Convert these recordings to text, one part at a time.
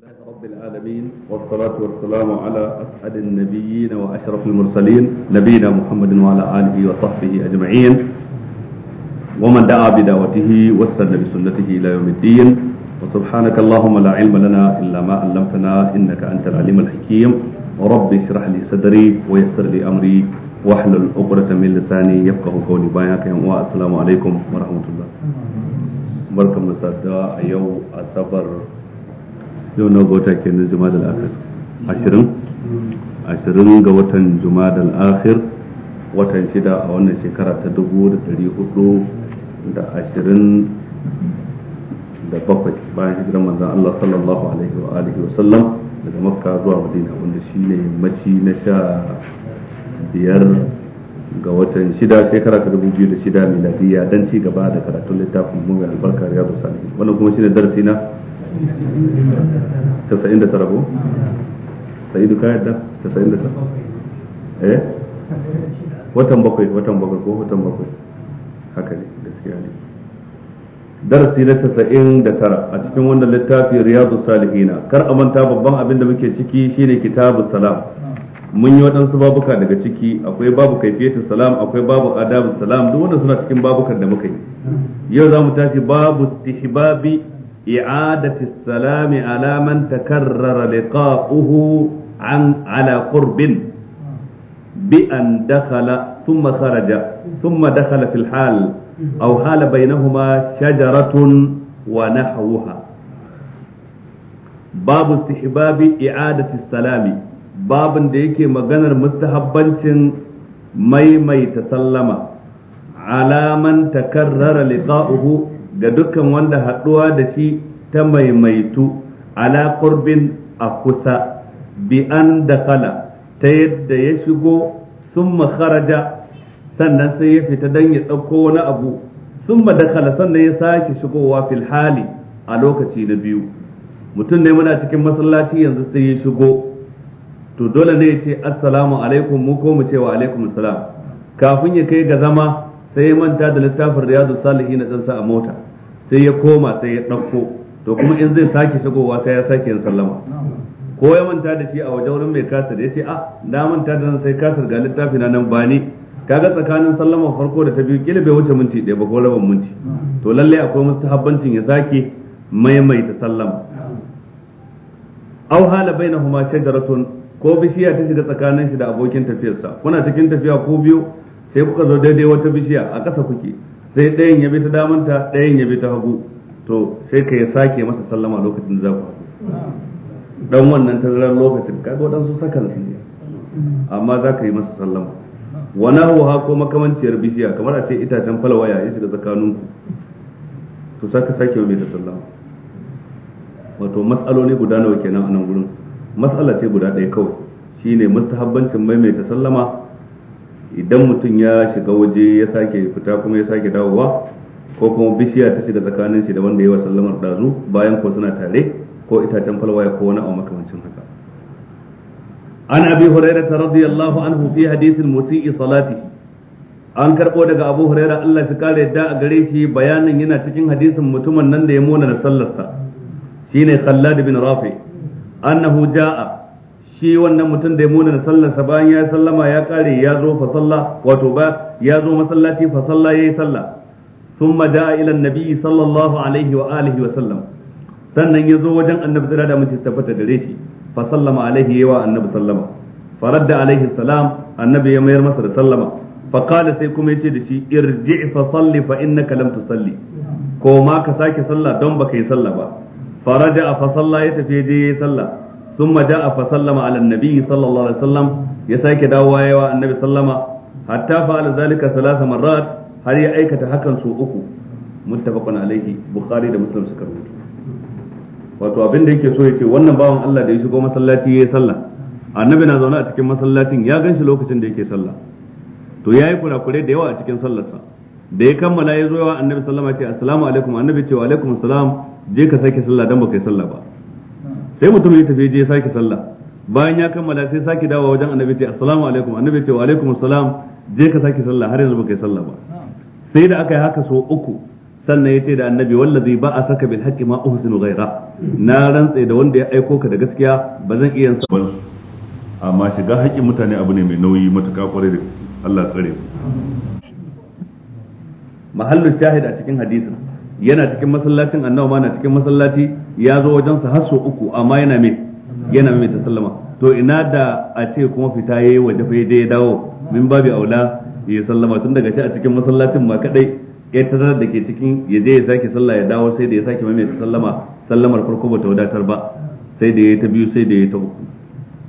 الله رب العالمين والصلاة والسلام على أسعد النبيين وأشرف المرسلين نبينا محمد وعلى آله وصحبه أجمعين ومن دعا بدعوته واستنى بسنته إلى يوم الدين وسبحانك اللهم لا علم لنا إلا ما علمتنا إنك أنت العليم الحكيم رب اشرح لي صدري ويسر لي أمري واحلل عقدة من لساني يفقه قولي بايعك والسلام عليكم ورحمة الله بركة مساعدة أيو أصبر yau na bauta kenan juma'a da akhir ashirin ashirin ga watan juma'a da akhir watan shida a wannan shekara ta dubu da dari hudu da ashirin da bakwai bayan hijirar manzan Allah sallallahu alaihi wa alihi wa sallam daga makka zuwa madina wanda shi ne maci na sha biyar ga watan shida shekara ta dubu biyu da shida miladiyya don ci gaba da karatun littafin mu mai albarka riyadu salihin wannan kuma shi ne darasi na tasa'in da tara da tara darasi na tasa'in da tara a cikin wannan littafi riyadu salihina kar a manta babban abin da muke ciki shine kitabu salam mun yi waɗansu babuka daga ciki akwai babu kaifiyatu salam akwai babu adabu salam duk wanda suna cikin babukan da muka yi yau za mu tashi babu tihibabi i'adati salami ala man takarrara liqa'uhu an ala qurbin bi an dakhala thumma kharaja thumma dakhala fil hal aw hala bainahuma shajaratun wa nahwuha babu istihbabi i'adati salami babin da yake maganar mustahabbancin maimaita sallama alaman takarrara liqa'uhu ga dukkan wanda haɗuwa da shi ta maimaitu ala qurbin a kusa bi an dakala ta yadda ya shigo sun kharaja sannan sai ya fita dan ya ɗauko wani abu sun dakala sannan ya sake shigowa fil hali a lokaci na biyu mutum ne muna cikin masallaci yanzu sai ya shigo to dole ne ya ce assalamu alaikum mu ko mu ce wa alaikum salam kafin ya kai ga zama sai ya manta da littafin riyadu salihin na ɗansa a mota sai ya koma sai ya ɗauko to kuma in zai sake shagowa sai ya sake yin sallama ko ya manta da shi a wajen wurin mai kasar ya ce a ah, na manta da nan sai kasar ga littafi na nan ba ni kaga tsakanin sallama farko da ta biyu kila bai wuce minti ɗaya ba ko rabin minti to lalle akwai mustahabbancin ya sake maimaita sallama au hala bainahuma shajaratun ko bishiya ta shiga tsakanin shi da abokin tafiyarsa kuna cikin tafiya ko biyu sai kuka zo daidai wata bishiya a ƙasa kuke sai ɗayan ya bi ta damanta ɗayan ya bi ta hagu to sai ka ya sake masa sallama lokacin da za ku hagu dan wannan tazarar lokacin ka ga waɗansu sakan su ne amma za ka yi masa sallama wani ha ko makamanciyar bishiya kamar a ce itacen falawaya ya shiga tsakaninku to sa ka sake mai ta sallama wato matsaloli guda nawa kenan a nan gurin matsala ce guda ɗaya kawai shine mustahabbancin maimaita sallama idan mutum ya shiga waje ya sake fita kuma ya sake dawowa ko kuma bishiya ta shiga tsakanin shi da wanda ya wa sallamar dazu bayan ko suna tare ko itacen falwaya ko wani abu makamancin haka an abi ta radiyallahu anhu fi hadithil musii salati. an karbo daga abu huraira Allah shi kare yadda a gare shi bayanin yana cikin hadisin mutumin nan da ya mona da sallarsa shine Khallad bin Rafi annahu jaa shi wannan mutum da ya muna sallarsa bayan ya sallama ya kare ya zo fa salla wato ba ya zo masallaci fa salla yayi salla thumma da'a ila nabi sallallahu alaihi wa alihi wa sallam sannan ya zo wajen annabi tsira da mace tabbata gare shi fa sallama alaihi wa annabi sallama faradda alaihi salam annabi ya mayar masa da sallama fa qala sai kuma yace da shi irji fa salli fa innaka lam tusalli ko ma ka sake sallah don baka yi sallah ba faraja fa salla ya tafi je yayi sallah ثم جاء فسلم على النبي صلى الله عليه وسلم يساك دعوة يا النبي صلى الله حتى فعل ذلك ثلاث مرات هل يأيكة حكا سوء متفق عليه بخاري da muslim suka rubuta wato abin da yake so yace wannan bawan Allah da ya shigo masallaci yayi sallah annabi na zaune a cikin masallacin ya ganshi lokacin da yake sallah to yayi kurakure da yawa a cikin sallarsa da ya kammala ya zo yawa annabi sallama ya ce assalamu alaikum annabi ce wa alaikum assalam je ka sake sallah dan baka yi sallah ba sai mutum ya tafi je ya sake sallah bayan ya kammala sai sake dawo wajen annabi ce assalamu alaikum annabi ce wa alaikum assalam je ka sake sallah har yanzu baka yi sallah ba sai da aka yi haka so uku sannan ya ce da annabi wallazi ba a saka bil haqqi ma uhsinu ghaira na rantsa da wanda ya aiko ka da gaskiya ba zan iya sa amma shiga haƙƙin mutane abu ne mai nauyi matuƙa kwarai da Allah tsare mahallu shahid a cikin hadisin yana cikin masallacin annabi na cikin masallaci ya zo wajen sa har sau uku amma yana mai yana mai sallama to ina da a ce kuma fita yayi waje fa dai ya dawo min babi aula ya sallama tun daga shi a cikin masallacin ma kadai ya tarar da ke cikin ya je ya sake sallah ya dawo sai da ya sake mai sallama sallamar farko bata wadatar ba sai da ya ta biyu sai da ya ta uku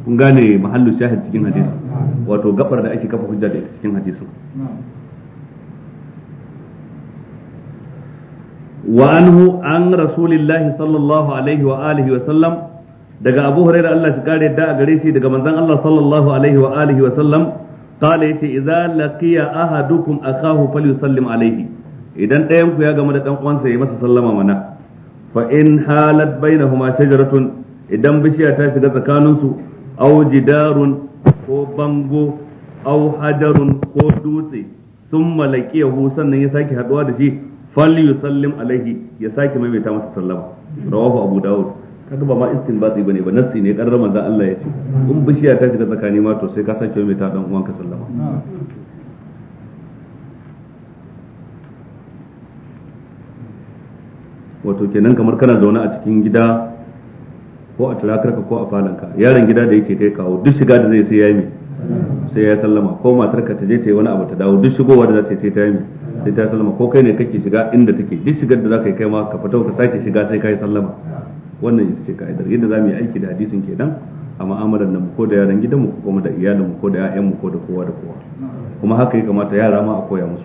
kun gane mahallu shahid cikin hadisi wato gabar da ake kafa hujja da cikin hadisi wa anhu an rasulillahi sallallahu alaihi wa wa sallam daga Abu Hurairah Allah shi kare da gare shi daga manzon Allah sallallahu alaihi wa alihi wa sallam qala yace idza laqiya ahadukum akahu falyusallim alaihi idan ɗayan ku ya gamu da dan uwansa ya masa sallama mana fa in halat bainahuma shajaratun idan bishiya ta shiga tsakaninsu aw jidarun ko bango auhajarun ko dutse sun malakiyahu sannan ya sake haduwa da shi falli yusallim alaihi ya sake maimaita masa sallama rawahu abu daud kaga ba ma istinbati bane ba nassi ne karar da Allah ya ce in bishiya ta shiga tsakani ma to sai ka sake maimaita dan uwanka sallama wato kenan kamar kana zaune a cikin gida ko a turakarka ko a falanka yaron gida da yake kai kawo duk shiga da zai sai ya yi sai ya sallama ko matarka ta je ta yi wani abu ta dawo duk shigowa da za ta yi sai ta yi sai ta sallama ko kai ne kake shiga inda take duk shigar da zaka yi kai ma ka fito ka sake shiga sai kai sallama wannan ita ce ka'idar yadda zamu yi aiki da hadisin kenan a mu'amalar mu ko da yaran gidanmu ko kuma da iyalinmu ko da mu ko da kowa da kowa kuma haka ya kamata yara ma a koya musu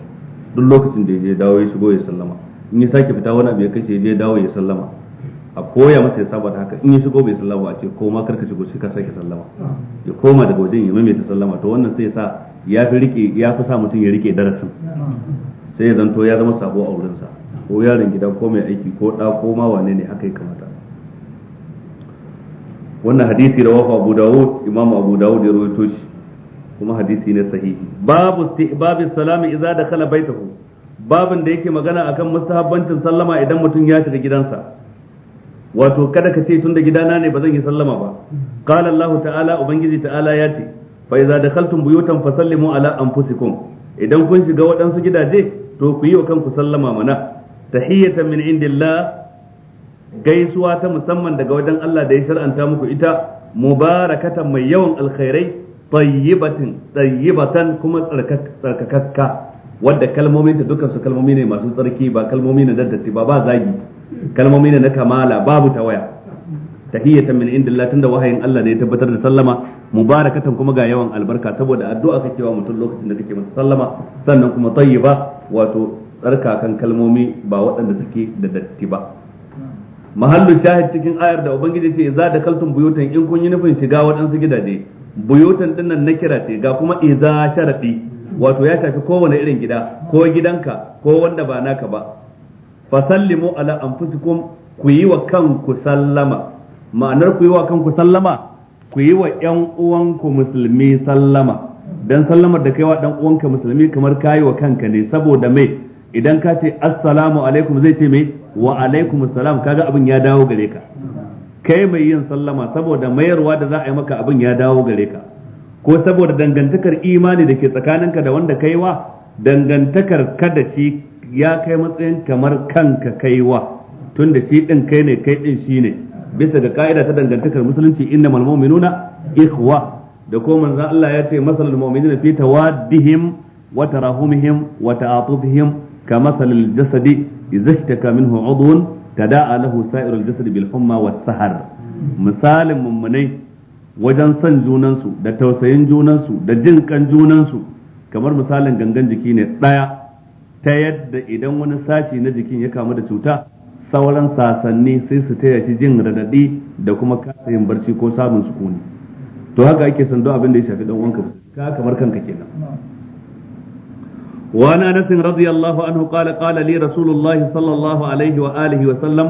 duk lokacin da ya je dawo ya shigo ya sallama in ya sake fita wani abu ya kashe ya je dawo ya sallama a koya masa ya saba da haka in ya shigo bai sallama a ce ko ma karka shigo sai ka sake sallama ya koma daga wajen ya maimaita sallama to wannan sai ya sa ya fi rike ya fi sa mutum ya rike darasin sai ya zanto ya zama sabo a wurinsa ko yaron gida ko mai aiki ko ɗa ko ma wane ne haka ya kamata wannan hadisi da wafa abu dawud imamu abu dawud ya rawaito shi kuma hadisi ne sahihi babu istihbabi salami idza dakhala baitahu babin da yake magana akan mustahabbancin sallama idan mutum ya shiga gidansa wato kada ka ce da gidana ne ba zan yi sallama ba qala allah ta'ala ubangiji ta'ala ya ce fa idza dakhaltum buyutan fasallimu ala anfusikum idan kun shiga waɗansu gidaje to ku yi wa kanku sallama mana tahiyyata min indillah gaisuwa ta musamman daga wajen Allah da ya shar'anta muku ita mubarakatan mai yawan alkhairai tayyibatin tayyibatan kuma tsarkakakka wadda kalmomin ta dukkan su kalmomi ne masu tsarki ba kalmomi ne na datti ba ba zagi kalmomi ne na kamala babu tawaya tahiyatan min indillah tunda wahayin Allah ne ya tabbatar da sallama mubarakatan kuma ga yawan albarka saboda addu'a kake wa mutum lokacin da kake masa sallama sannan kuma tayyiba wato tsarkakan kalmomi ba waɗanda suke da datti ba mahallu shahid cikin ayar da ubangiji ce idza dakaltum buyutan in kun yi nufin shiga waɗansu gidaje buyutan dinnan na kira ce ga kuma idza sharadi wato ya shafi kowane irin gida ko gidanka ko wanda ba naka ba fasallimu ala anfusikum ku yi wa kanku sallama ma'anar ku yi wa kanku sallama ku yi wa ƴan uwanku musulmi sallama dan sallamar da kai wa dan uwanka musulmi kamar kayi wa kanka ne saboda me idan ka ce assalamu alaikum zai ce me wa alaikum assalam kaga abin ya dawo gare ka kai mai yin sallama saboda mayarwa da za a yi maka abin ya dawo gare ka ko saboda dangantakar imani da ke tsakaninka da wanda kai wa dangantakar kada da shi ya kai matsayin kamar kanka kaiwa tunda shi din kai ne kai ɗin shi ne bisa ga ka'ida ta dangantakar musulunci innamal mu'minuna ikhwa da ko manzo Allah ya ce masalul mu'minina fi tawaddihim wa tarahumihim wa ta'atufihim kamasalil jasadi idza ishtaka minhu 'udhun tada'a lahu sa'irul jasadi bil humma was sahar misalin mummunai wajen son junansu da tausayin junansu da jin kan junansu kamar misalin gangan jiki ne daya ta yadda idan wani sashi na jikin ya kamu da cuta sauran sasanni sai su taya shi jin radadi da kuma kasa yin barci ko samun sukuni to haka ake son don abin da ya shafi dan uwanka ka kamar kanka kenan Wa انس رضي الله anhu qala qala li rasulullahi sallallahu alaihi wa alihi wa sallam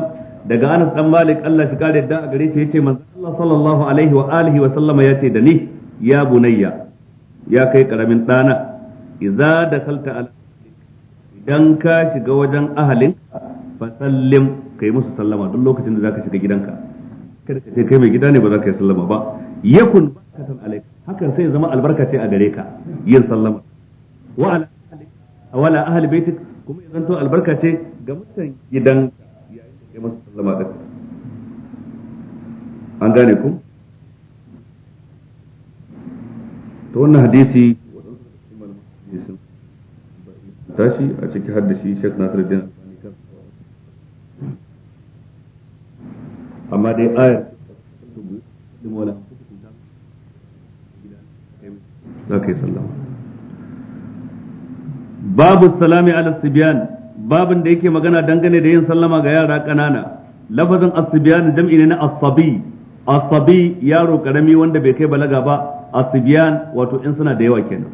daga Anas dan Malik Allah shi kare da gare shi yace manzo Allah sallallahu alaihi wa alihi wa sallama yace da ni ya bunayya ya kai karamin dana idza dakalta al idan ka shiga wajen ahalin fa sallim kai musu sallama duk lokacin da zaka shiga gidanka kada ka kai mai gida ne ba za ka yi sallama ba yakun barakatan alayka hakan sai zama albarka ce a gare ka yin sallama wa ala wala ahli baitik kuma ya zanto albarka ce ga mutan gidan yayin da kai musu sallama din an gane ku to wannan hadisi tashi a ciki haddashi Sheikh Nasiruddin amma dai ayar da kai sallama babu salami ala sibiyan babin da yake magana dangane da yin sallama ga yara kanana lafazin asibiyan jam'i ne na asabi asabi yaro karami wanda bai kai balaga ba asibiyan wato in suna da yawa kenan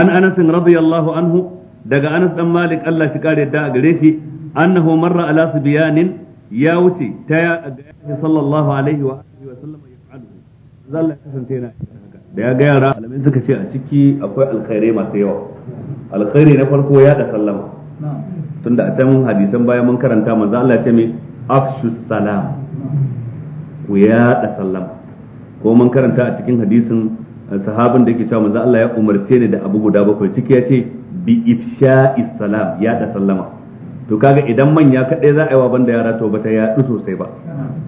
an anas radiyallahu anhu daga anas dan malik Allah shi kare da gare shi annahu marra ala sibiyanin ya wuce ta ya ga sallallahu alaihi wa alihi wa sallam ya fa'alu zalla kasance yana haka da ya ga yara alamin suka ce a ciki akwai alkhairai masu yawa alkhairi na farko ya da sallama tunda a can hadisan bayan mun karanta manzo Allah ya ce mai afshu salam ku ya da sallama ko mun karanta a cikin hadisin sahabin da yake cewa manzo Allah ya umarce ni da abu guda bakwai ciki ya ce bi ifsha'is salam ya da sallama to kaga idan manya kadai za a yi wa banda yara to bata yaɗu sosai ba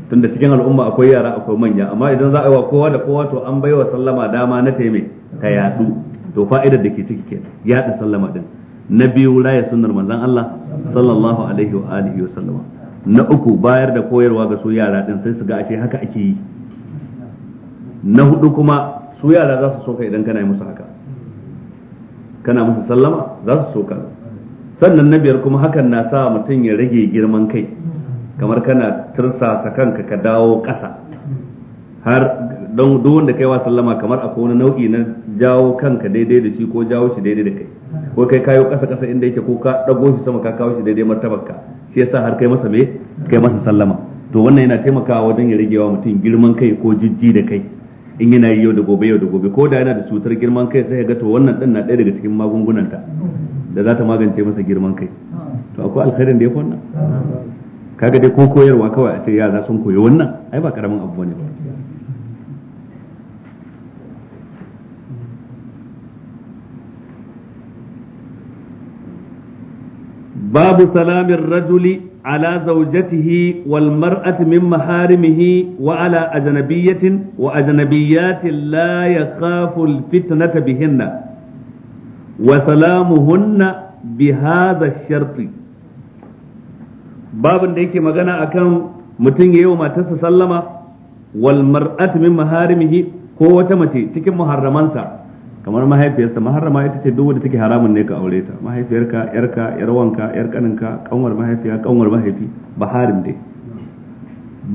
tunda cikin al'umma akwai yara akwai manya amma idan za a yi wa kowa da kowa to an baiwa sallama dama na taime ta yaɗu to fa'idar da ke ciki ke yaɗa sallama din na biyu raya sunnar manzon Allah sallallahu alaihi wa alihi wa sallama na uku bayar da koyarwa ga su yara din sai su ga ashe haka ake yi na hudu kuma su yara za su soka idan kana yi musu haka kana musu sallama za su soka sannan na biyar kuma hakan na sa mutum ya rage girman kai kamar kana tursasa kanka ka dawo ƙasa har don wanda kai wa sallama kamar akwai wani nau'i na jawo kanka daidai da shi ko jawo shi daidai da kai ko kai kayo ƙasa ƙasa inda yake ko ka ɗago shi sama ka kawo shi daidai martabarka shi yasa har kai masa me kai masa sallama to wannan yana taimakawa wajen ya rage wa mutum girman kai ko jijji da kai in yana yi yau da gobe yau da gobe ko da yana da cutar girman kai sai ya ga to wannan din na ɗaya daga cikin magungunanta da za ta magance masa girman kai to akwai alkhairin da ya wannan kaga dai ko koyarwa kawai a ce yara sun koyi wannan ai ba karamin abu bane ba babu salamin rajuli Ala زوجته والمرأة من محارمه وعلى أجنبية وأجنبيات لا يخاف الفتنة بهن وسلامهن بهذا الشرط da yake magana akan mutum ya yi matarsa sallama wal mar'at maharimihi ko wata mace cikin muharramansa kamar mahaifiyarsa maharrama ita ce duk wanda take haramun ne ka aure ta mahaifiyarka yarka yarwanka wanka yar kaninka kanwar mahaifiya kanwar mahaifi ba dai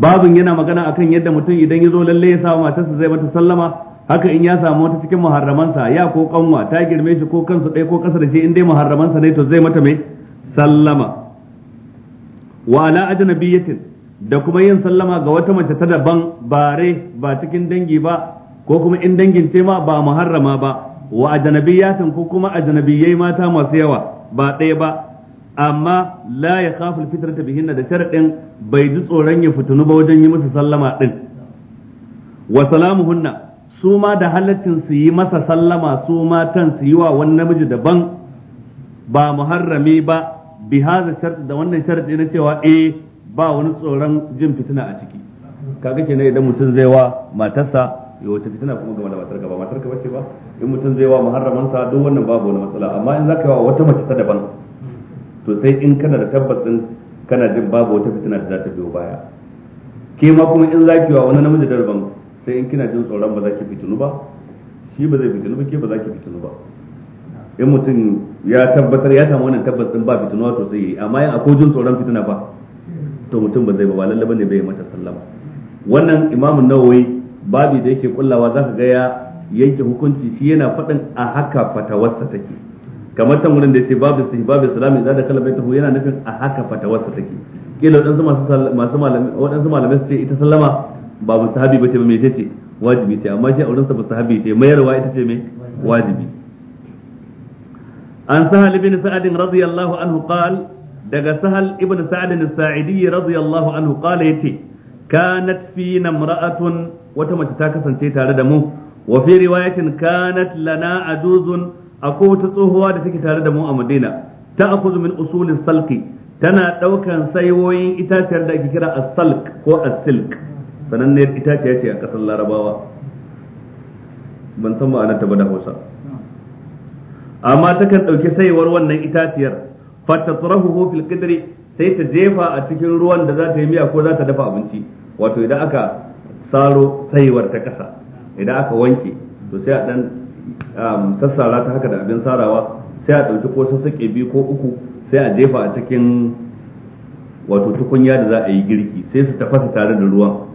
babin yana magana akan yadda mutum idan ya zo lalle ya samu matarsa zai mata sallama haka in ya samu wata cikin muharramansa ya ko kanwa ta girme shi ko kansu ɗaya ko ƙasa da shi in dai muharramansa ne to zai mata mai sallama wa ala ajnabiyatin da kuma yin sallama ga wata mace ta daban bare ba cikin dangi ba ko kuma in dangin ce ma ba muharrama ba wa ajnabiyatin ko kuma ajnabiyai mata masu yawa ba ɗaya ba amma la ya khaful fitrata bihinna da sharadin bai ji tsoron ya fitunu ba wajen yi musu sallama din wa salamuhunna su ma da halaccin su yi masa sallama su matan su yi wa wani namiji daban ba muharrami ba bi haza shart da wannan sharadi na cewa eh ba wani tsoron jin fitina a ciki kaga kenan idan mutum zai wa matarsa yau wata fitina kuma game da ka ba matarka bace ba in mutum zai wa muharraman sa duk wannan babu wani matsala amma in zaka yi wa wata mace ta daban to sai in kana da tabbacin kana jin babu wata fitina da za ta biyo baya ke ma kuma in za ki wa wani namiji da daban sai in kina jin tsoron ba za ki fitinu ba shi ba zai fitinu ba ke ba za ki fitinu ba in mutum ya tabbatar ya samu wannan tabbacin ba fitinuwa to sai yi amma in akwai jin tsoron fitina ba to mutum ba zai ba ba ne bane bai mata sallama wannan imamun nawawi babi da yake kullawa za ka ga yanke hukunci shi yana faɗin a haka fatawarsa take kamar tan wurin da yace babu istihbab islam idan da kalmar tahu yana nufin a haka fatawarsa take kila wadansu masu masu malamai wadansu malamai su ce ita sallama ba mustahabi bace ba me ce wajibi ce amma shi auren sa mustahabi ce mayarwa ita ce me wajibi an sahal ibn sa'ad radiyallahu anhu qala daga sahal ibn sa'ad as-sa'idi radiyallahu anhu qala yace kanat fi namra'atun wata mace ta kasance tare da mu wa fi riwayatin kanat lana ajuzun akwai wata tsohuwa da take tare da mu a Madina ta akuzu min usulin salki tana daukan saiwoyin itaciyar da ake kira as-salk ko as-silk ne itaciya ce a kasar Larabawa ban san ma'anar ta ba da Hausa amma takan dauki saiwar wannan itaciyar fatatrahu fil qidri sai ta jefa a cikin ruwan da za ta yi miya ko za ta dafa abinci wato idan aka saro tsayuwar ta ƙasa, idan aka wanke to sai a dan um, sassara ta haka da abin sarawa sai a ɗauki ko sassaƙe biyu ko uku sai a jefa a cikin wato tukunya da za a yi girki sai su tafasa tare da ruwan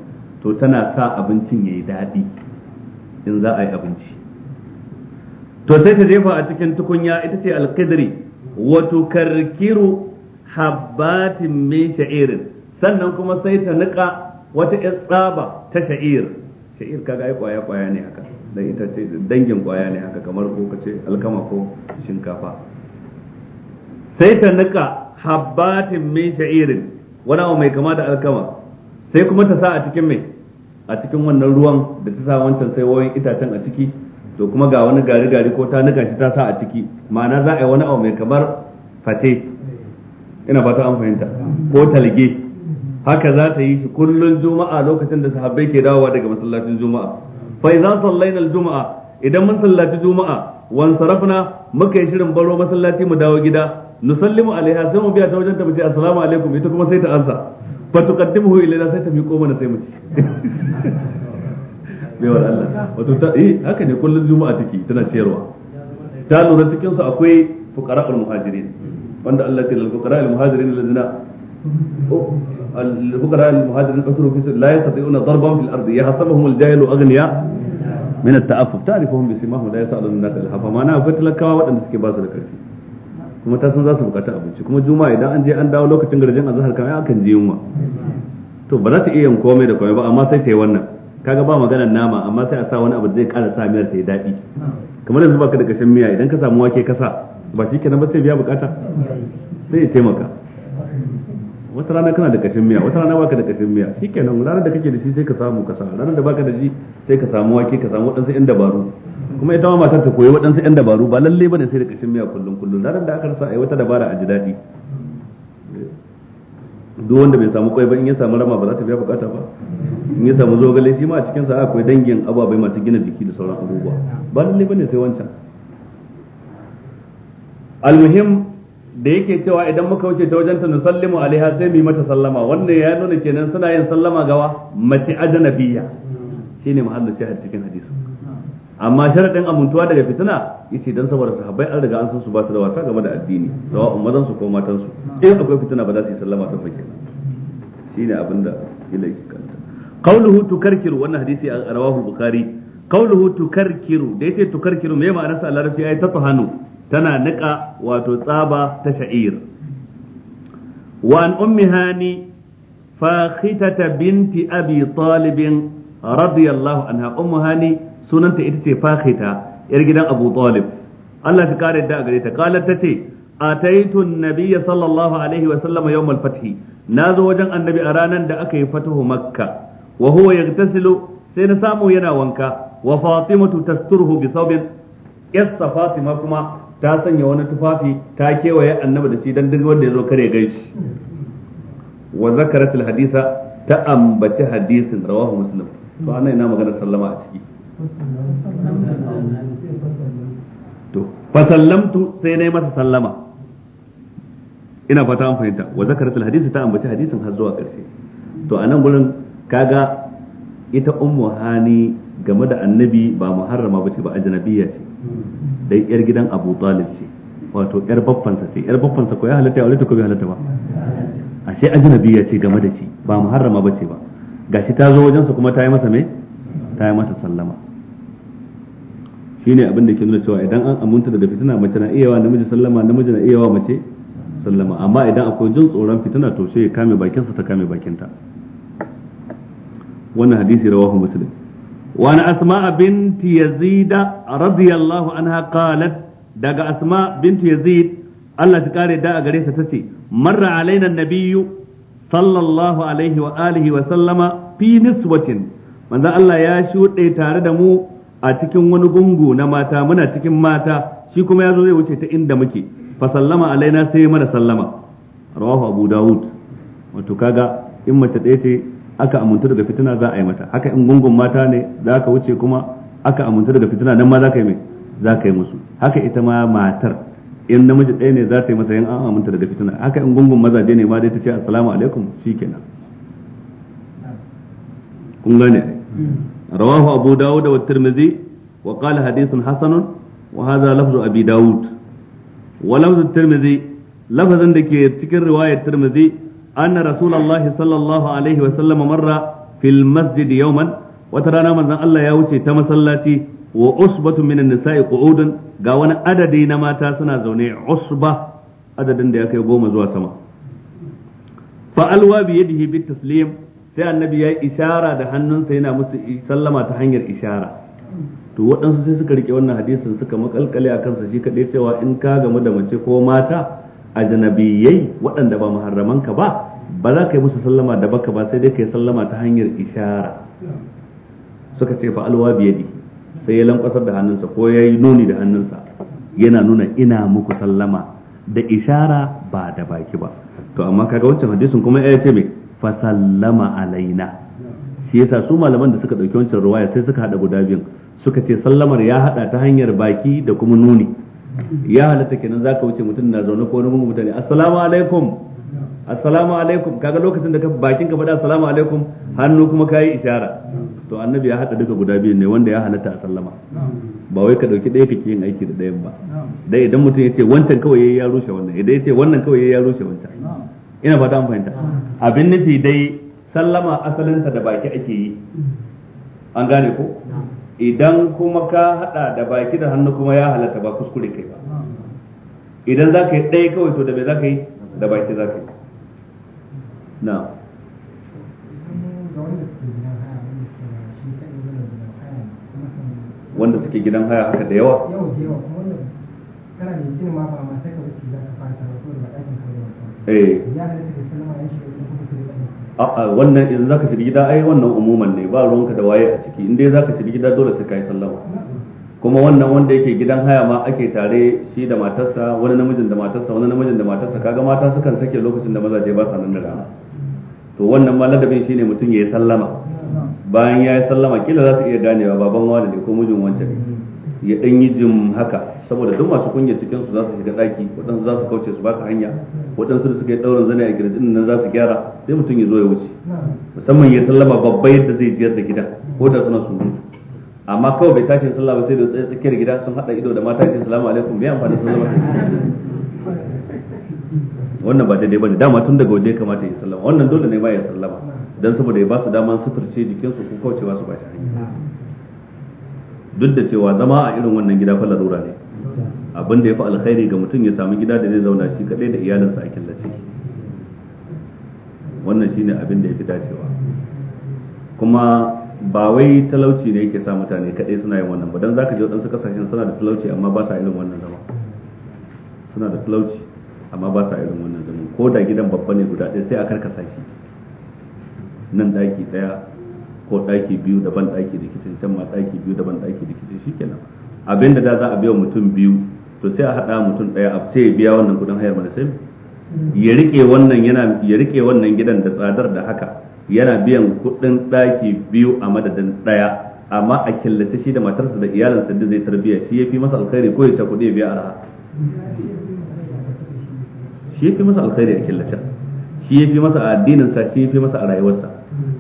to tana sa abincin ya yi daɗi in za a yi abinci to sai ta jefa a cikin tukunya ita ce alkadiri wato karkiru habbatin min sha'irin sannan kuma sai ta niƙa wata ƴar tsaba ta sha'ir sha'ir kaga ai kwaya kwaya ne haka dan ita ce dangin kwaya ne haka kamar ko kace alkama ko shinkafa sai ta nika habbatin min sha'irin wani mai kama da alkama sai kuma ta sa a cikin mai a cikin wannan ruwan da ta sa wancan sai wayoyin itacen a ciki to kuma ga wani gari gari ko ta nika shi ta sa a ciki ma'ana za a yi wani abu mai kamar fate ina fata an fahimta ko talge haka za ta yi shi kullun juma'a lokacin da sahabbai ke dawowa daga masallacin juma'a fa idza sallaina al idan mun sallaci juma'a wan sarafna muka yi shirin baro masallaci mu dawo gida nusallimu alaiha sai mu biya ta wajen ta bace assalamu alaikum ita kuma sai ta ansa fa tuqaddimuhu ilaina sai ta koma na sai mu ci baiwar Allah wato ta eh haka ne kullun juma'a take tana ciyarwa ta lura cikin su akwai fuqara'ul muhajirin wanda Allah ya tilal fuqara'ul muhajirin allazina الفقراء المهاجرين أسروا في لا يستطيعون ضربا في الأرض يحسبهم الجاهل أغنياء من التعفف تعرفهم بسماهم لا يسألون الناس إلحافا ما أنا وأن تسكي باس لك kuma ta san za su bukata abinci kuma juma'a idan an je an dawo lokacin garjin azhar kamar akan ji yunwa to ba za ta iya yin komai da komai ba amma sai ta yi wannan kaga ba maganar nama amma sai a sa wani abu zai kara sa miyar ta yi daɗi kamar yanzu baka da kashin miya idan ka samu wake ka ba shi kenan ba sai biya bukata sai ya taimaka wata rana kana da kashin miya wata rana baka da kashin miya shikenan ranar da kake da shi sai ka samu kasa ranar da baka da shi sai ka samu wake ka samu waɗansu yan dabaru kuma ita ma matar ta koyi waɗansu yan dabaru ba lalle bane sai da kashin miya kullum kullum ranar da aka rasa ai wata dabara a ji daɗi duk wanda bai samu kwai ba in ya samu rama ba za ta biya bukata ba in ya samu zogale shi ma a cikin sa akwai dangin ababai masu gina jiki da sauran abubuwa ba lalle bane sai wancan almuhim da yake cewa idan muka wuce ta wajen ta sallimu alaiha sai mu mata sallama wannan ya nuna kenan suna yin sallama gawa mace ajnabiyya shine mahallu shahid cikin hadisi amma sharadin amintuwa daga fitina yace dan saboda sahabbai an riga an san su ba su da wasa game da addini sawa'un mazan su ko matan su in akwai fitina ba za su yi sallama ta fake shine abinda ila yake kanta qawluhu tukarkiru wannan hadisi a rawahu bukhari qawluhu tukarkiru da yace tukarkiru me ma'anarsa a larabci ai tahanu tana niƙa wato tsaba ta sha'ir wa an ummi hani fakhitata binti abi talib radiyallahu anha ummu hani sunanta ita ce fakhita yar gidan abu talib Allah ta kare da gare ta kala ta ce ataitu nabiyya sallallahu alaihi wa sallam yawm al-fath nazo wajen annabi a ranar da aka yi fatahu makka wa huwa yaghtasilu sai na samu yana wanka wa fatimatu tasturhu bi thawbin yassa fatima kuma ta sanya wani tufafi ta kewaye annabi da shi dan duk wanda ya zo kare gaishi wa zakarat hadisa ta ambaci hadisin rawahu muslim to ana ina magana sallama a ciki to fa sallamtu sai nayi masa sallama ina fata an fahimta wa zakarat hadisa ta ambaci hadisin har zuwa karshe to anan gurin kaga ita ummu hani game da annabi ba muharrama bace ba ajnabiyya ce dai yar gidan Abu Talib ce wato yar baffansa ce yar baffansa ko ya halatta ya ta ko bai halatta ba sai ajnabi ya ce game da shi ba muharrama ba ce ba gashi ta zo wajensa kuma ta yi masa me ta yi masa sallama shine abin da ke nuna cewa idan an amunta daga fitina mace na iya wa namiji sallama namiji na iya wa mace sallama amma idan akwai jin tsoron fitina to sai ya kame bakinsa ta kame bakinta wannan hadisi rawahu muslim وعن أسماء بنت يزيد رضي الله عنها قالت دقى أسماء بنت يزيد الله تكاري دا أغريسة تسي مر علينا النبي صلى الله عليه وآله وسلم في نسوة من ذا الله يا شوت تارد مو أتكن ونقنقو نماتا من أتكن ماتا شيكم يا زوزي وشي تئن دمكي فسلم علينا سيمنا سلم رواه أبو داود وتكاغا إما تتأتي aka amintu daga fitina za a yi mata haka in gungun mata ne za ka wuce kuma aka amintu daga fitina nan ma za ka yi mai za ka yi musu haka ita ma matar in namiji ɗaya ne za ta yi masa yin an aminta daga fitina haka in gungun mazaje ne ma dai ta ce assalamu alaikum kenan kun gane rawahu abu dawud wa tirmidhi wa qala hadithun hasanun wa hadha lafzu abi dawud wa lafzu tirmidhi lafazin da ke cikin riwayar tirmidhi anna rasulullahi sallallahu alaihi wa sallam marra fil masjid yawman wata rana manzon Allah ya wuce ta masallaci wa usbatun minan nisa'i qu'udan ga wani adadi na mata suna zaune usba adadin da ya kai goma zuwa sama fa alwa bi yadihi bit taslim sai annabi ya ishara da hannunsa yana musu sallama ta hanyar ishara to waɗansu sai suka rike wannan hadisin suka makalkale a kansa shi kaɗai cewa in ka gamu da mace ko mata ajanabiyai waɗanda ba muharramanka ba ba za ka yi musu sallama da baka ba sai dai ka yi sallama ta hanyar ishara suka ce fa alwa biyadi sai ya lankwasar da hannunsa ko ya yi nuni da hannunsa yana nuna ina muku sallama da ishara ba da baki ba to amma kaga wancan hadisin kuma ya ce mai fa sallama alaina shi yasa su malaman da suka dauki wancan ruwaya sai suka hada guda biyun suka ce sallamar ya hada ta hanyar baki da kuma nuni ya halatta kenan ka wuce mutum na zaune ko wani mutane assalamu alaikum assalamu alaikum kaga lokacin da ka bakin ka faɗa assalamu alaikum hannu kuma kayi ishara to annabi ya hada duka guda biyu ne wanda ya halatta a sallama ba wai ka ɗauki ɗaya kake yin aiki da ɗayan ba dai idan mutum ya ce wancan kawai yayi ya rushe wannan idan ya ce wannan kawai yayi ya rushe wancan ina fata an fahimta abin nufi dai sallama asalinsa da baki ake yi an gane ko idan kuma ka hada da baki da hannu kuma ya halatta ba kuskure kai ba idan za ka yi ɗaya kawai to da me za ka yi da baki za ka yi na wanda suke gidan haya haka da yawa da da kana ma ba eh ya halatta ka sallama yan shi wannan idan zaka shiga gida ai wannan umuman ne ba ruwanka da waye a ciki in dai zaka shiga gida dole sai kai sallama kuma wannan wanda yake gidan haya ma ake tare shi da matarsa wani namijin da matarsa wani namijin da matarsa kaga mata sukan sake lokacin da mazaje ba sa nan da rana to wannan ma ladabin shine mutum ya yi sallama bayan ya yi sallama kila za su iya ganewa baban wani ne ko mijin wancan ne ya dan yi jim haka saboda duk masu kunya cikin su za su shiga daki waɗansu za su kauce su baka hanya waɗansu da suka yi ɗaurin zane a gidan nan za su gyara sai mutum ya zo ya wuce musamman ya sallama babba yadda zai jiyar da gida ko da suna surutu amma kawai bai tashi sallah ba sai da tsaye tsakiyar gida sun haɗa ido da mata ce salamu alaikum bai amfani sallama wannan ba daidai bane dama tun daga waje kamata ya sallama wannan dole ne ba ya sallama dan saboda ya ba su daman suturce jikinsu ko kaucewa su ba shi hanya duk da cewa zama a irin wannan gida fa larura ne abin da ya fi alkhairi ga mutum ya samu gida da zai zauna shi kadai da iyalinsa a killace wannan shine abin da ya fi dacewa kuma ba wai talauci ne yake sa mutane kadai suna yin wannan ba za zaka ji wadansu kasashen suna da talauci amma ba sa irin wannan zama suna da talauci amma ba sa irin wannan zama ko da gidan babba ne guda ɗaya sai a karkasa shi nan ɗaki ɗaya ko ɗaki biyu daban ɗaki da kicin can ma ɗaki biyu daban ɗaki da kicin shikenan abinda da za a biya mutum biyu to sai a haɗa mutum ɗaya a sai ya biya wannan kudin hayar mana sai ya rike wannan yana ya rike wannan gidan da tsadar da haka yana biyan kudin daki biyu a madadin ɗaya amma a killace shi da matarsa da iyalinsa da zai tarbiya shi ya fi masa alkhairi ko ya sha kudi ya biya arha shi ya fi masa alkhairi a killace shi ya fi masa a sa shi ya fi masa a rayuwarsa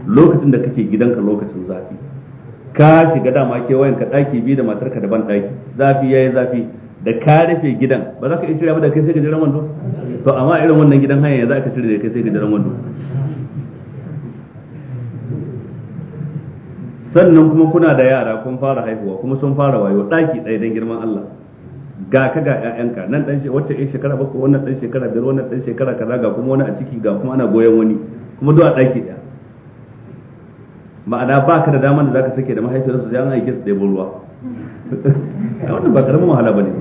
lokacin da kake gidanka lokacin zafi ka shiga dama wayan ka daki biyu da matarka da ban daki zafi yayi zafi da ka rufe gidan ba za ka iya shirya ba da kai sai gajeren wando to amma irin wannan gidan haya ya za ka shirya da kai sai gajeren wando sannan kuma kuna da yara kun fara haihuwa kuma sun fara wayo daki ɗaya don girman Allah ga ka ga ƴaƴanka nan dan wacce ai shekara bakwai wannan dan shekara biyar wannan dan shekara kaza ga kuma wani a ciki ga kuma ana goyon wani kuma duk a daki ɗaya ma'ana ba ka da daman da zaka sake da mahaifiyarsu sai an aike su ɗebo ruwa wannan ba karamin wahala bane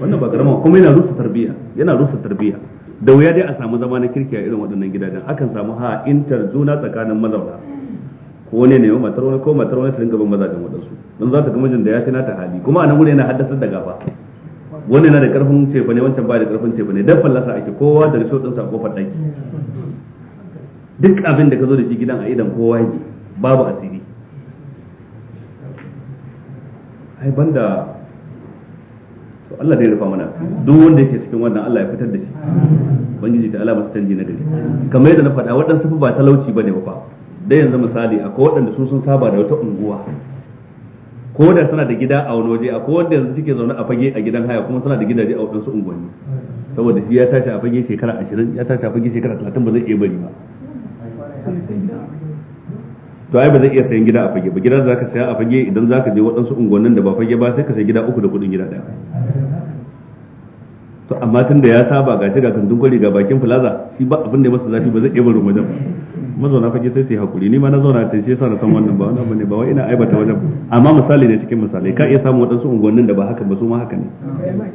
wannan ba karamin kuma yana rusa tarbiyya yana rusa tarbiyya da wuya dai a samu zama na kirki a irin waɗannan gidajen akan samu ha intar juna tsakanin mazauna ko ne ne matar wani ko matar wani ta dinga mazajen waɗansu don za ta ga mijin da ya fi nata hali kuma a nan wurin yana haddasa da gaba wani na da karfin cefane ne wancan ba da karfin cefane ne dan fallasa ake kowa da risho ɗinsa a kofar ɗaki duk abin da ka zo da shi gidan a idan kowa yake babu asiri ai banda to Allah zai rufa mana duk wanda yake cikin wannan Allah ya fitar da shi bangiji ta Allah ba canji na gari kamar yadda na faɗa waɗansu ba talauci bane ba dai yanzu misali akwai waɗanda su sun saba da wata unguwa ko da suna da gida a wani waje akwai wanda yanzu suke zaune a fage a gidan haya kuma suna da gidaje a waɗansu unguwanni saboda shi ya tashi a fage shekara ashirin ya tashi a fage shekara talatin ba zai iya bari ba to ai ba zai iya sayan gida a fage ba gidan zaka saya a fage idan zaka je waɗansu unguwannin da ba fage ba sai ka sayi gida uku da kuɗin gida ɗaya to amma tun da ya saba ga shi ga kantin kwari ga bakin plaza shi ba abin da ya masa zafi ba zai iya barin wajen mazauna fage sai su yi hakuri ni ma na zauna sai yasa na san wannan ba wannan bane ba wai ina aibata wajen amma misali ne cikin misalai ka iya samu wadansu unguwannin da ba haka ba su ma haka ne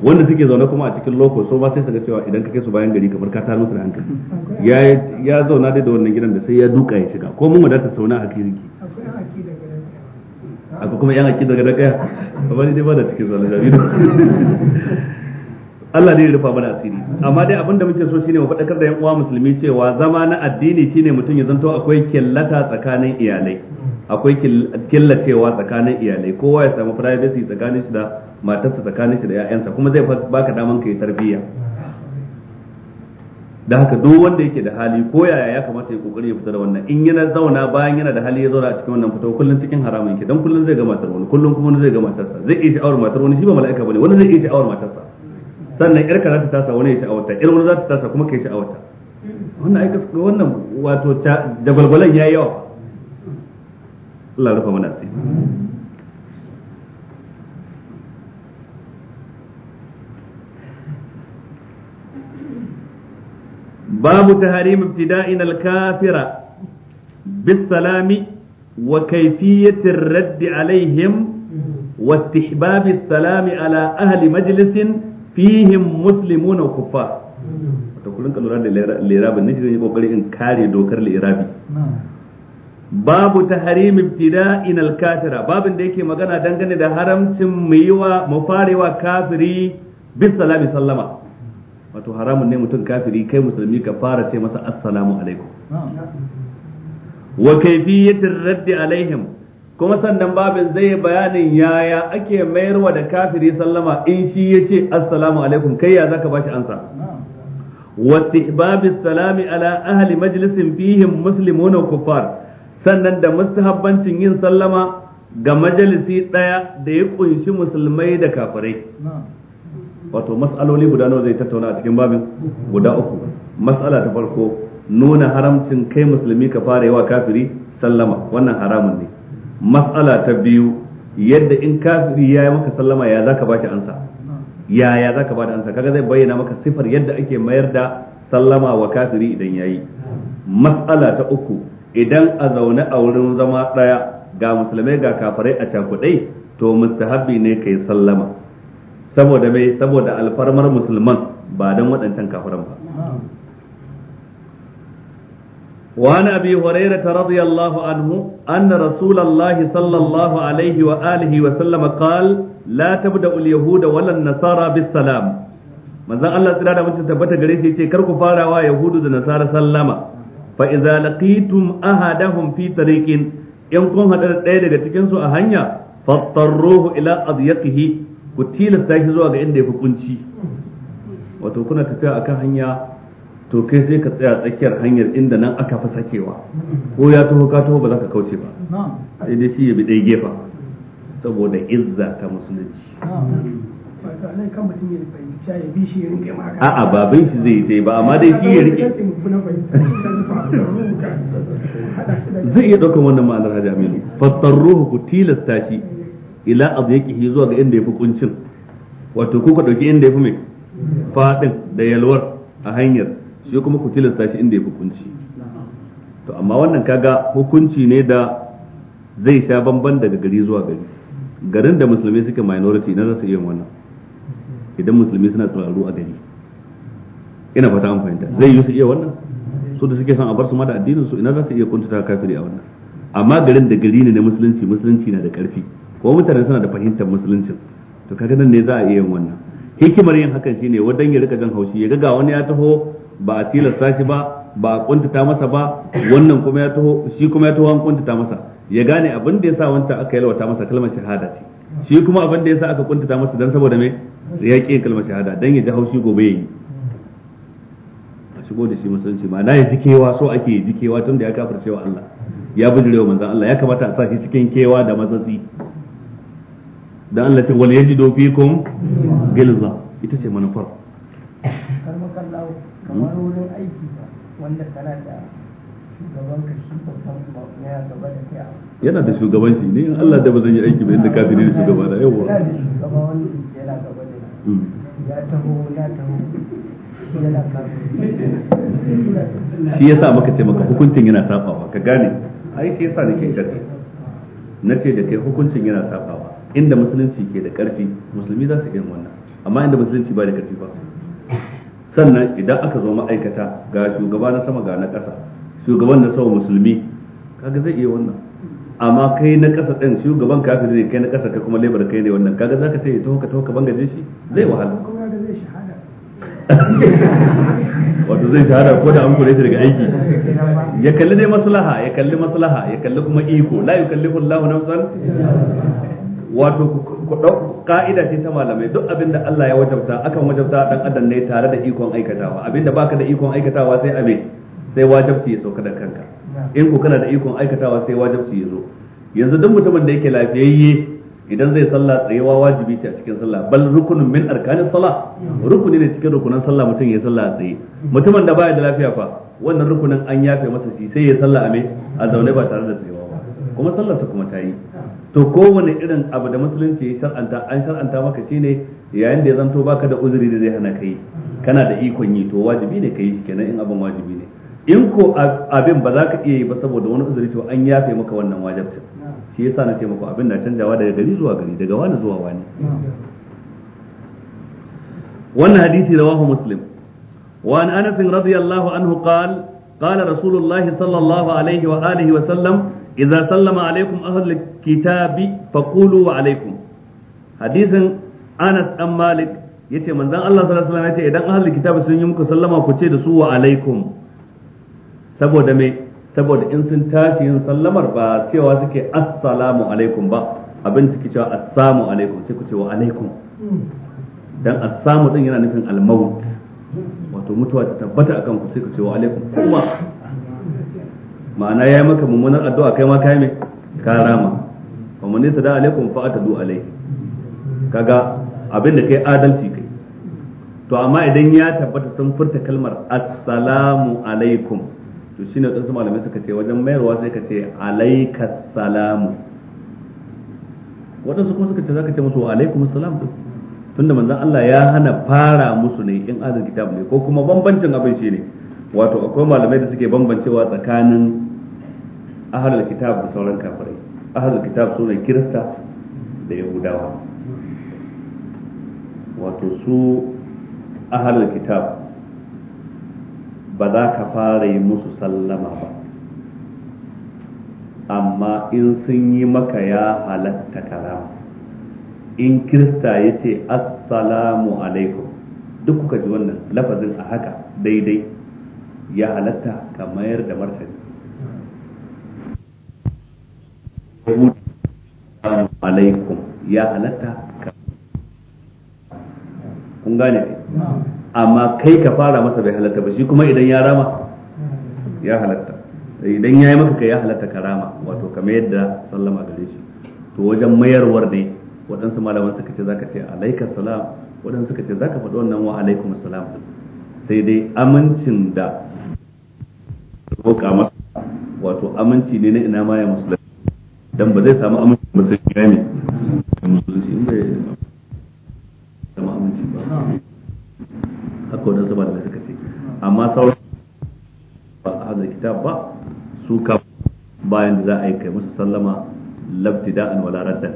wanda suke zaune kuma a cikin loko so ba sai su ga cewa idan ka kai su bayan gari kamar ka ta musu da hankali ya ya zauna dai da wannan gidan da sai ya duka ya shiga ko mun da ta sauna a kirki akwai kuma yan daga ba ni dai ba da cikin zalunci da Allah ne ya rufa mana asiri amma dai abin da muke so shine mu faɗakar da yan uwa musulmi cewa zama na addini shine mutum ya zanto akwai killata tsakanin iyalai akwai killacewa tsakanin iyalai kowa ya samu privacy tsakanin shi da matarsa tsakanin shi da ƴaƴansa kuma zai baka daman kai tarbiyya da haka duk wanda yake da hali ko yaya ya kamata ya kokari ya fita da wannan in yana zauna bayan yana da hali ya zauna a cikin wannan fito kullun cikin haramun yake dan kullun zai ga matar wani kullun kuma zai ga matarsa zai iya shi awar matar wani shi ba mala'ika bane wani zai iya awar matarsa sannan irka za ta tasa wani ya sha'awata yar wani za ta tasa kuma kai sha'awata wannan ai wannan wato ta dagwalgwalan ya yawa Allah rufa mana sai باب تحريم ابتداء الكافر بالسلام وكيفية الرد عليهم واستحباب السلام على أهل مجلس fihim muslimuna kuffar to kullun ka lura da lirabi ne zai yi in kare dokar lirabi babu tahrim in al-kafira babin da yake magana dangane da haramcin mu yi wa mu farewa kafiri bisalami sallama wato haramun ne mutum kafiri kai musulmi ka fara ce masa assalamu alaikum wa kayfiyatir raddi alaihim kuma sannan babin zai yi bayanin yaya ake mayarwa da kafiri sallama in shi ya ce assalamu alaikum kai ya zaka bashi ansa واستحباب salami ala ahli majlisin فيهم muslimuna kufar sannan da mustahabbancin yin sallama ga majalisi daya da ya kunshi musulmai da kafirai wato mas'aloli guda nawa zai tattauna a cikin babin guda uku mas'ala ta farko nuna haramcin kai musulmi ka fara yawa kafiri sallama wannan haramun ne matsala ta biyu yadda in kafiri ya yi maka sallama ya zaka ba shi ansa ya ya zaka ba da ansa kaga zai bayyana maka sifar yadda ake mayar da sallama wa kafiri idan ya yi matsala ta uku idan a zaune a wurin zama ɗaya ga musulmai ga kafirai a cakuɗai to mustahabi ne kai sallama saboda mai saboda alfarmar musulman ba don waɗancan kafiran ba وعن أبي هريرة رضي الله عنه أن رسول الله صلى الله عليه وآله وسلم قال لا تبدأ اليهود ولا النصارى بالسلام manzon Allah tsira da mutum tabbata gare shi ce kar ku farawa yahudu da nasara sallama fa idza laqitum ahadahum fi tariqin in kun hada ɗaya daga cikin su a hanya fattarruhu ila adyaqihi ku tilasta shi zuwa ga inda yafi kunci wato kuna tafiya akan hanya to kai sai ka tsaya tsakiyar hanyar inda nan aka fi sakewa ko ya taho ka taho ba za ka kauce ba sai dai shi ya bi ɗaya gefa saboda izza ta musulunci a'a babin shi zai yi ba amma dai shi ya rike zai iya ɗaukar wannan ma'anar hajji aminu ruhu ku tilasta shi ila azyaqihi zuwa ga inda fi kuncin wato ku ka dauki inda fi mai faɗin da yalwar a hanyar sai kuma ku tilasta shi inda ya hukunci to amma wannan kaga hukunci ne da zai sha bamban daga gari zuwa gari garin da musulmi suke minority na za su iya wannan idan musulmi suna tsararru a gari ina fata an fahimta zai yi su iya wannan su da suke son a bar su ma da addinin su ina za su iya kuntata kafiri a wannan amma garin da gari ne na musulunci musulunci na da karfi ko mutane suna da fahimtar musuluncin to kaga nan ne za a iya yin wannan hikimar yin hakan shine wadan ya rika jan haushi ya ga ga wani ya taho ba a tilasta shi ba ba a kuntata masa ba wannan kuma ya taho shi kuma ya taho an kuntata masa ya gane abin da yasa wancan aka yalwata masa kalmar shahada ce shi kuma abin da yasa aka kuntata masa dan saboda me ya ƙi kalmar shahada dan ya ji haushi gobe yi a shigo da shi musulunci ma na ya ji kewa so ake ji kewa tun da ya kafirce wa Allah ya wa manzon Allah ya kamata a sa shi cikin kewa da matsatsi dan Allah ce wal yajidu fikum gilza ita ce manufar Hmm? kamar wurin aiki wanda kana da shi yana gaba da kai yana da shugaban shi ne in Allah da ba zan yi aiki ba inda kafiri ne shugaba da yawa yana da shugaba wanda gaba da hmm. ya taho ya taho shi maka ce maka hukuncin yana safawa ka gane ai shi da ke shakka na ce da kai hukuncin yana safawa inda musulunci ke da karfi musulmi za su irin wannan amma inda musulunci ba da karfi ba sannan idan aka zo ma'aikata ga shugaba na sama ga na ƙasa shugaban na sama musulmi kaga zai iya wannan amma kai na ƙasa ɗin shugaban kafiri ne kai na ƙasa kai kuma lebar kai ne wannan kaga za ka ce ita ka taho ka gaje shi zai wahala wato zai shahada ko da an kure shi daga aiki ya kalli dai maslaha ya kalli maslaha ya kalli kuma iko la yukallifu Allahu nafsan wato ku dau ka'ida ce ta malamai duk abin da Allah ya wajabta akan wajabta dan adam ne tare da ikon aikatawa abinda baka da ikon aikatawa sai abin sai wajabci ya sauka da kanka in ku kana da ikon aikatawa sai wajabci ya zo yanzu duk mutumin da yake lafiyayye idan zai sallah tsayewa wajibi ce a cikin sallah bal rukunin min arkanin sallah rukuni ne cikin rukunan sallah mutum ya sallah tsaye mutumin da baya da lafiya fa wannan rukunin an yafe masa shi sai ya sallah a me a zaune ba tare da tsayewa ba kuma sallarsa kuma ta yi to kowane irin abu da musulunci ya shar'anta an shar'anta maka shine yayin da ya zanto baka da uzuri da zai hana kai kana da ikon yi to wajibi ne kai kenan in abin wajibi ne in ko abin ba za ka iya yi ba saboda wani uzuri to an yafe maka wannan wajibcin shi yasa na ce muku abin na canjawa daga gari zuwa gari daga wani zuwa wani wannan hadisi rawahu muslim wa an anas radiyallahu anhu qala qala rasulullahi sallallahu alaihi wa alihi wa sallam idza sallama alaikum ahlul kitabi faqulu wa alaikum hadisin Anas dan Malik yace manzon Allah sallallahu alaihi wasallam yace sun yi muku sallama ku ce da su wa alaikum saboda me saboda in sun tashi yin sallamar ba cewa suke assalamu alaikum ba abin suke cewa assalamu alaikum sai ku ce wa alaikum dan assamu din yana nufin almaut wato mutuwa ta tabbata akan ku sai ku ce wa alaikum kuma ma'ana yi maka mummunan addu'a kai ma kai me karama rama fa mun yasda alaikum fa atadu alai kaga abin da kai adalci kai to amma idan ya tabbata sun furta kalmar assalamu alaikum to shine dan su malamai suka ce wajen mayarwa sai ka ce alaikas salamu waɗansu kuma suka ce zaka ce musu wa alaikum assalam tunda manzon Allah ya hana fara musu ne in azan kitab ne ko kuma bambancin abin shine wato akwai malamai da suke bambancewa tsakanin ahalul kitab da sauran kafirai ahalul kitab su ne kirista da yahudawa wato su ahalul kitab ba za ka fara yi musu sallama ba amma in sun yi maka ya halatta karama in kirista ya ce assalamu alaikum duk kuka ji wannan lafazin a haka daidai ya halatta ka mayar da martani alaikum ya halatta kun gane amma kai ka fara masa bai halatta ba shi kuma idan ya rama ya halatta idan ya yi maka kai ya halatta ka rama wato kama yadda sallama gare shi to wajen mayarwar ne waɗansu malaman suka ce zaka ce alaikar salam waɗansu suka ce zaka faɗi wannan wa alaikum salam sai dai amincin da roƙa masa wato aminci ne na ina ma ya musulunci dan ba zai samu aminci ba sai ya ne musulunci in bai samu aminci ba haka wannan sama da suka ce amma sauran ba a hada kitab ba su ka bayan da za a yi kai musu sallama labtida'an wala raddan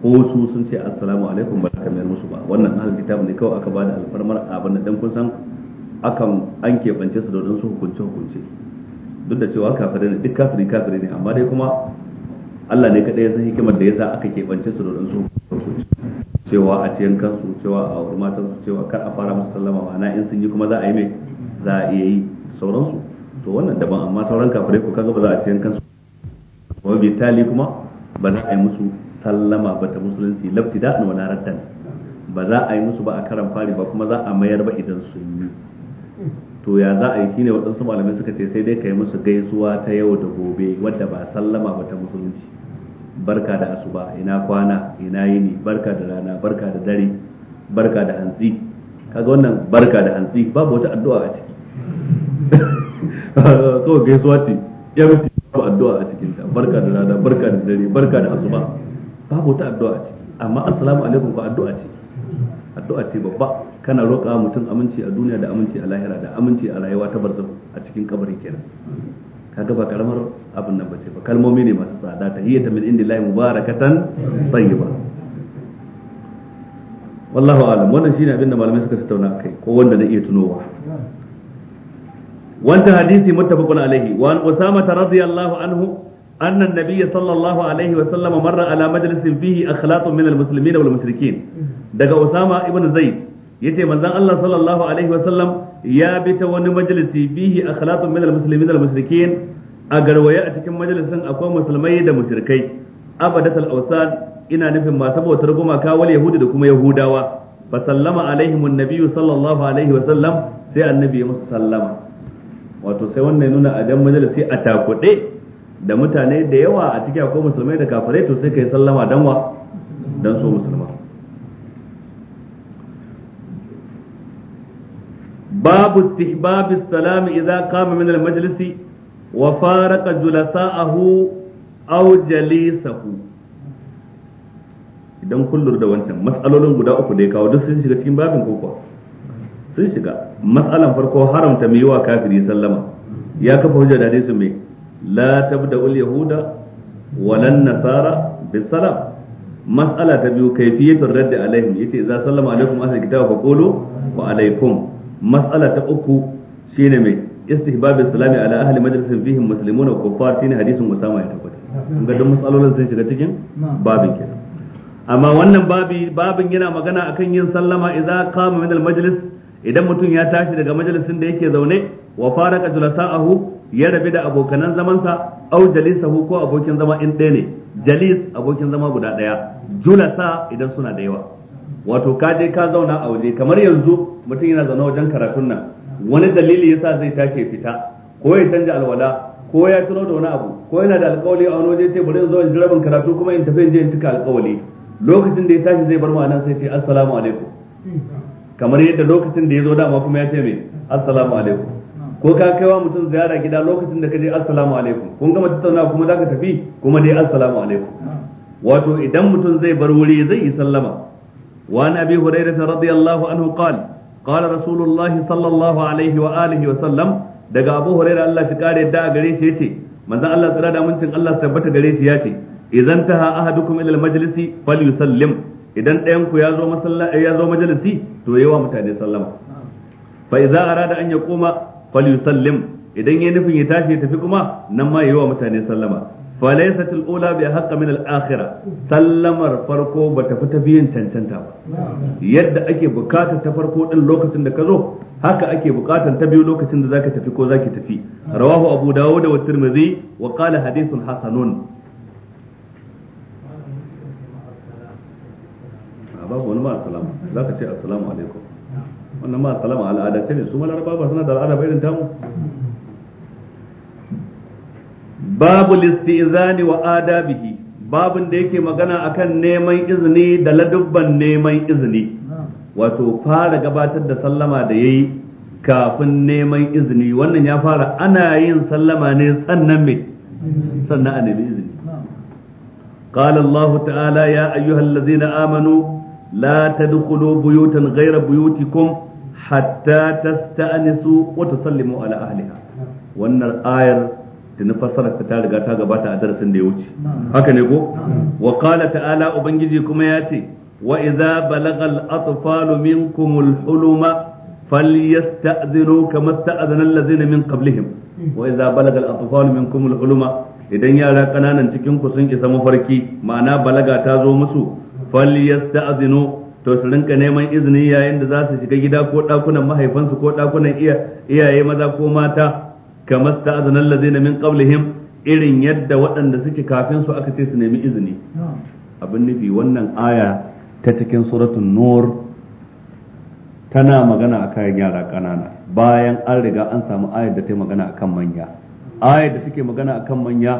ko su sun ce assalamu alaikum ba ka mayar musu ba wannan ahal kitab ne kawai aka bada alfarmar abin da dan kun san akan an keɓance su da wadansu hukunce hukunce duk da cewa kafirai ne duk kafiri kafiri ne amma dai kuma Allah ne kadai ya san hikimar da yasa aka keɓance su da su cewa a ciyan kansu cewa a wurin matan su cewa kar a fara musu sallama ma'ana in sun yi kuma za a yi mai za a iya yi sauransu to wannan daban amma sauran kafirai ko kaga ba za a ciyan kansu kuma bi tali kuma ba za a yi musu sallama ba ta musulunci laftida na wani ba za a yi musu ba a karan fari ba kuma za a mayar ba idan sun yi to ya za a yi shine waɗansu malamai suka ce sai dai ka yi musu gaisuwa ta yau da gobe wadda ba sallama ba ta musulunci barka da asuba ina kwana ina yini barka da rana barka da dare barka da hantsi kaga wannan barka da hantsi babu wata addu'a a ciki so gaisuwa ce ya mutu babu addu'a a cikin ta barka da rana barka da dare barka da asuba babu wata addu'a a ciki amma assalamu alaikum ba addu'a ce addu'a ce babba kana roƙa mutum aminci a duniya da aminci a lahira da aminci a rayuwa ta barzakh a cikin kabari kenan kaga ba karamar abin nan bace ba kalmomi ne masu tsada ta hiyyata min indillahi mubarakatan tayyiba wallahu alam wannan shine abin da malamai suka tattauna kai ko wanda na iya tunowa wanda hadisi muttafaqun alaihi wa an usama radiyallahu anhu أن النبي صلى الله عليه وسلم مر على مجلس فيه أخلاط من المسلمين والمشركين Daga أسامة ابن زيد yace manzon Allah sallallahu alaihi wasallam ya bi ta wani majalisi bihi akhlaqun min almuslimin almusyrikin a garwaye a cikin majalisin akwai musulmai da mushrikai abadat al-awsan ina nufin masu bautar gumaka wal yahudi da kuma yahudawa fa sallama alaihim annabiyyu sallallahu alaihi wasallam sai annabi ya musu sallama wato sai wannan nuna a dan majalisi a takude da mutane da yawa a cikin akwai musulmai da kafirai to sai kai sallama danwa dan so musulmai babu istihbab as-salam idza qama min al-majlis wa faraqa julasa'ahu aw idan kun da wancan matsalolin guda uku da ya kawo duk sun shiga cikin babin koko sun shiga matsalan farko haramta mai wa kafiri sallama ya kafa hujja da hadisin mai la ul yahuda walan nasara bis salam mas'ala ta biyu kayfiyatur radd alaihim yace idza sallama alaikum ahlul kitab fa qulu wa alaikum matsala ta uku shine mai istihbab salami ala ahli majalisin fihim muslimuna wa kuffar shine hadisin usama ya tabbata kun ga duk matsalolin sun shiga cikin babin ke. amma wannan babi babin yana magana akan yin sallama idza qama min al-majlis idan mutum ya tashi daga majalisin da yake zaune wa faraka julasa'ahu ya rabi da abokanan zamansa au jalisahu ko abokin zama in ɗaya ne jalis abokin zama guda ɗaya julasa idan suna da yawa wato ka je ka zauna a waje kamar yanzu mutum yana zaune wajen karatun nan wani dalili yasa zai tashi fita ko ya canja alwala ko ya tuno da wani abu ko yana da alkawali a wani waje sai bari in zo in rabin karatu kuma in tafi in je in cika alkawali lokacin da ya tashi zai bar mu anan sai ce assalamu alaikum kamar yadda lokacin da ya zo dama kuma ya ce me assalamu alaikum ko ka kaiwa mutum ziyara gida lokacin da ka je assalamu alaikum kun gama tattauna kuma zaka tafi kuma dai assalamu alaikum wato idan mutum zai bar wuri zai yi sallama وعن أبي هريرة رضي الله عنه قال قال رسول الله صلى الله عليه وآله وسلم daga Abu Huraira Allah shi kare da gare shi yace manzon Allah tsira da muncin Allah tabbata gare shi yace idan taha ahadukum ila al-majlisi falyusallim idan ɗayan ku ya zo masallaci ya zo majalisi to yawa mutane sallama fa idza arada an yaquma idan ya nufin ya tashi ya tafi kuma nan ma mutane sallama falaysat al bai bi haqq min sallamar farko bata fi tafiyin cancanta ba yadda ake bukatar ta farko din lokacin da ka zo haka ake bukatar ta biyu lokacin da zaka tafi ko zaki tafi rawahu abu dawud wa tirmidhi wa qala babu listizani wa adabihi babin da yake magana akan neman izini da ladubban neman izini wato fara gabatar da sallama da yayi kafin neman izini wannan ya fara ana yin sallama ne sannan me sannan a nemi izini قال الله تعالى يا أيها الذين آمنوا لا تدخلوا بيوتا غير بيوتكم حتى تستأنسوا وتسلموا على أهلها وأن الآية tuni fassarar ta riga ta gabata a darasin da ya wuce haka ne ko wa qala ta'ala ubangiji kuma ya ce wa idza balagha al-atfalu minkum al-huluma falyasta'dhinu kama sta'adhana allazina min qablihim wa idza balagha al-atfalu minkum al-huluma idan yara kananan cikin ku sun isa mafarki ma'ana balaga ta zo musu falyasta'dhinu to su rinka neman izini yayin da za su shiga gida ko dakunan mahaifansu ko dakunan iyaye maza ko mata kama sta'azana allazina min qablihim irin yadda waɗanda suke kafin su aka ce su nemi izini abin nufi wannan aya ta cikin suratul nur tana magana a kayan yara ƙanana bayan an riga an samu ayar da ta magana akan manya ayar da suke magana akan manya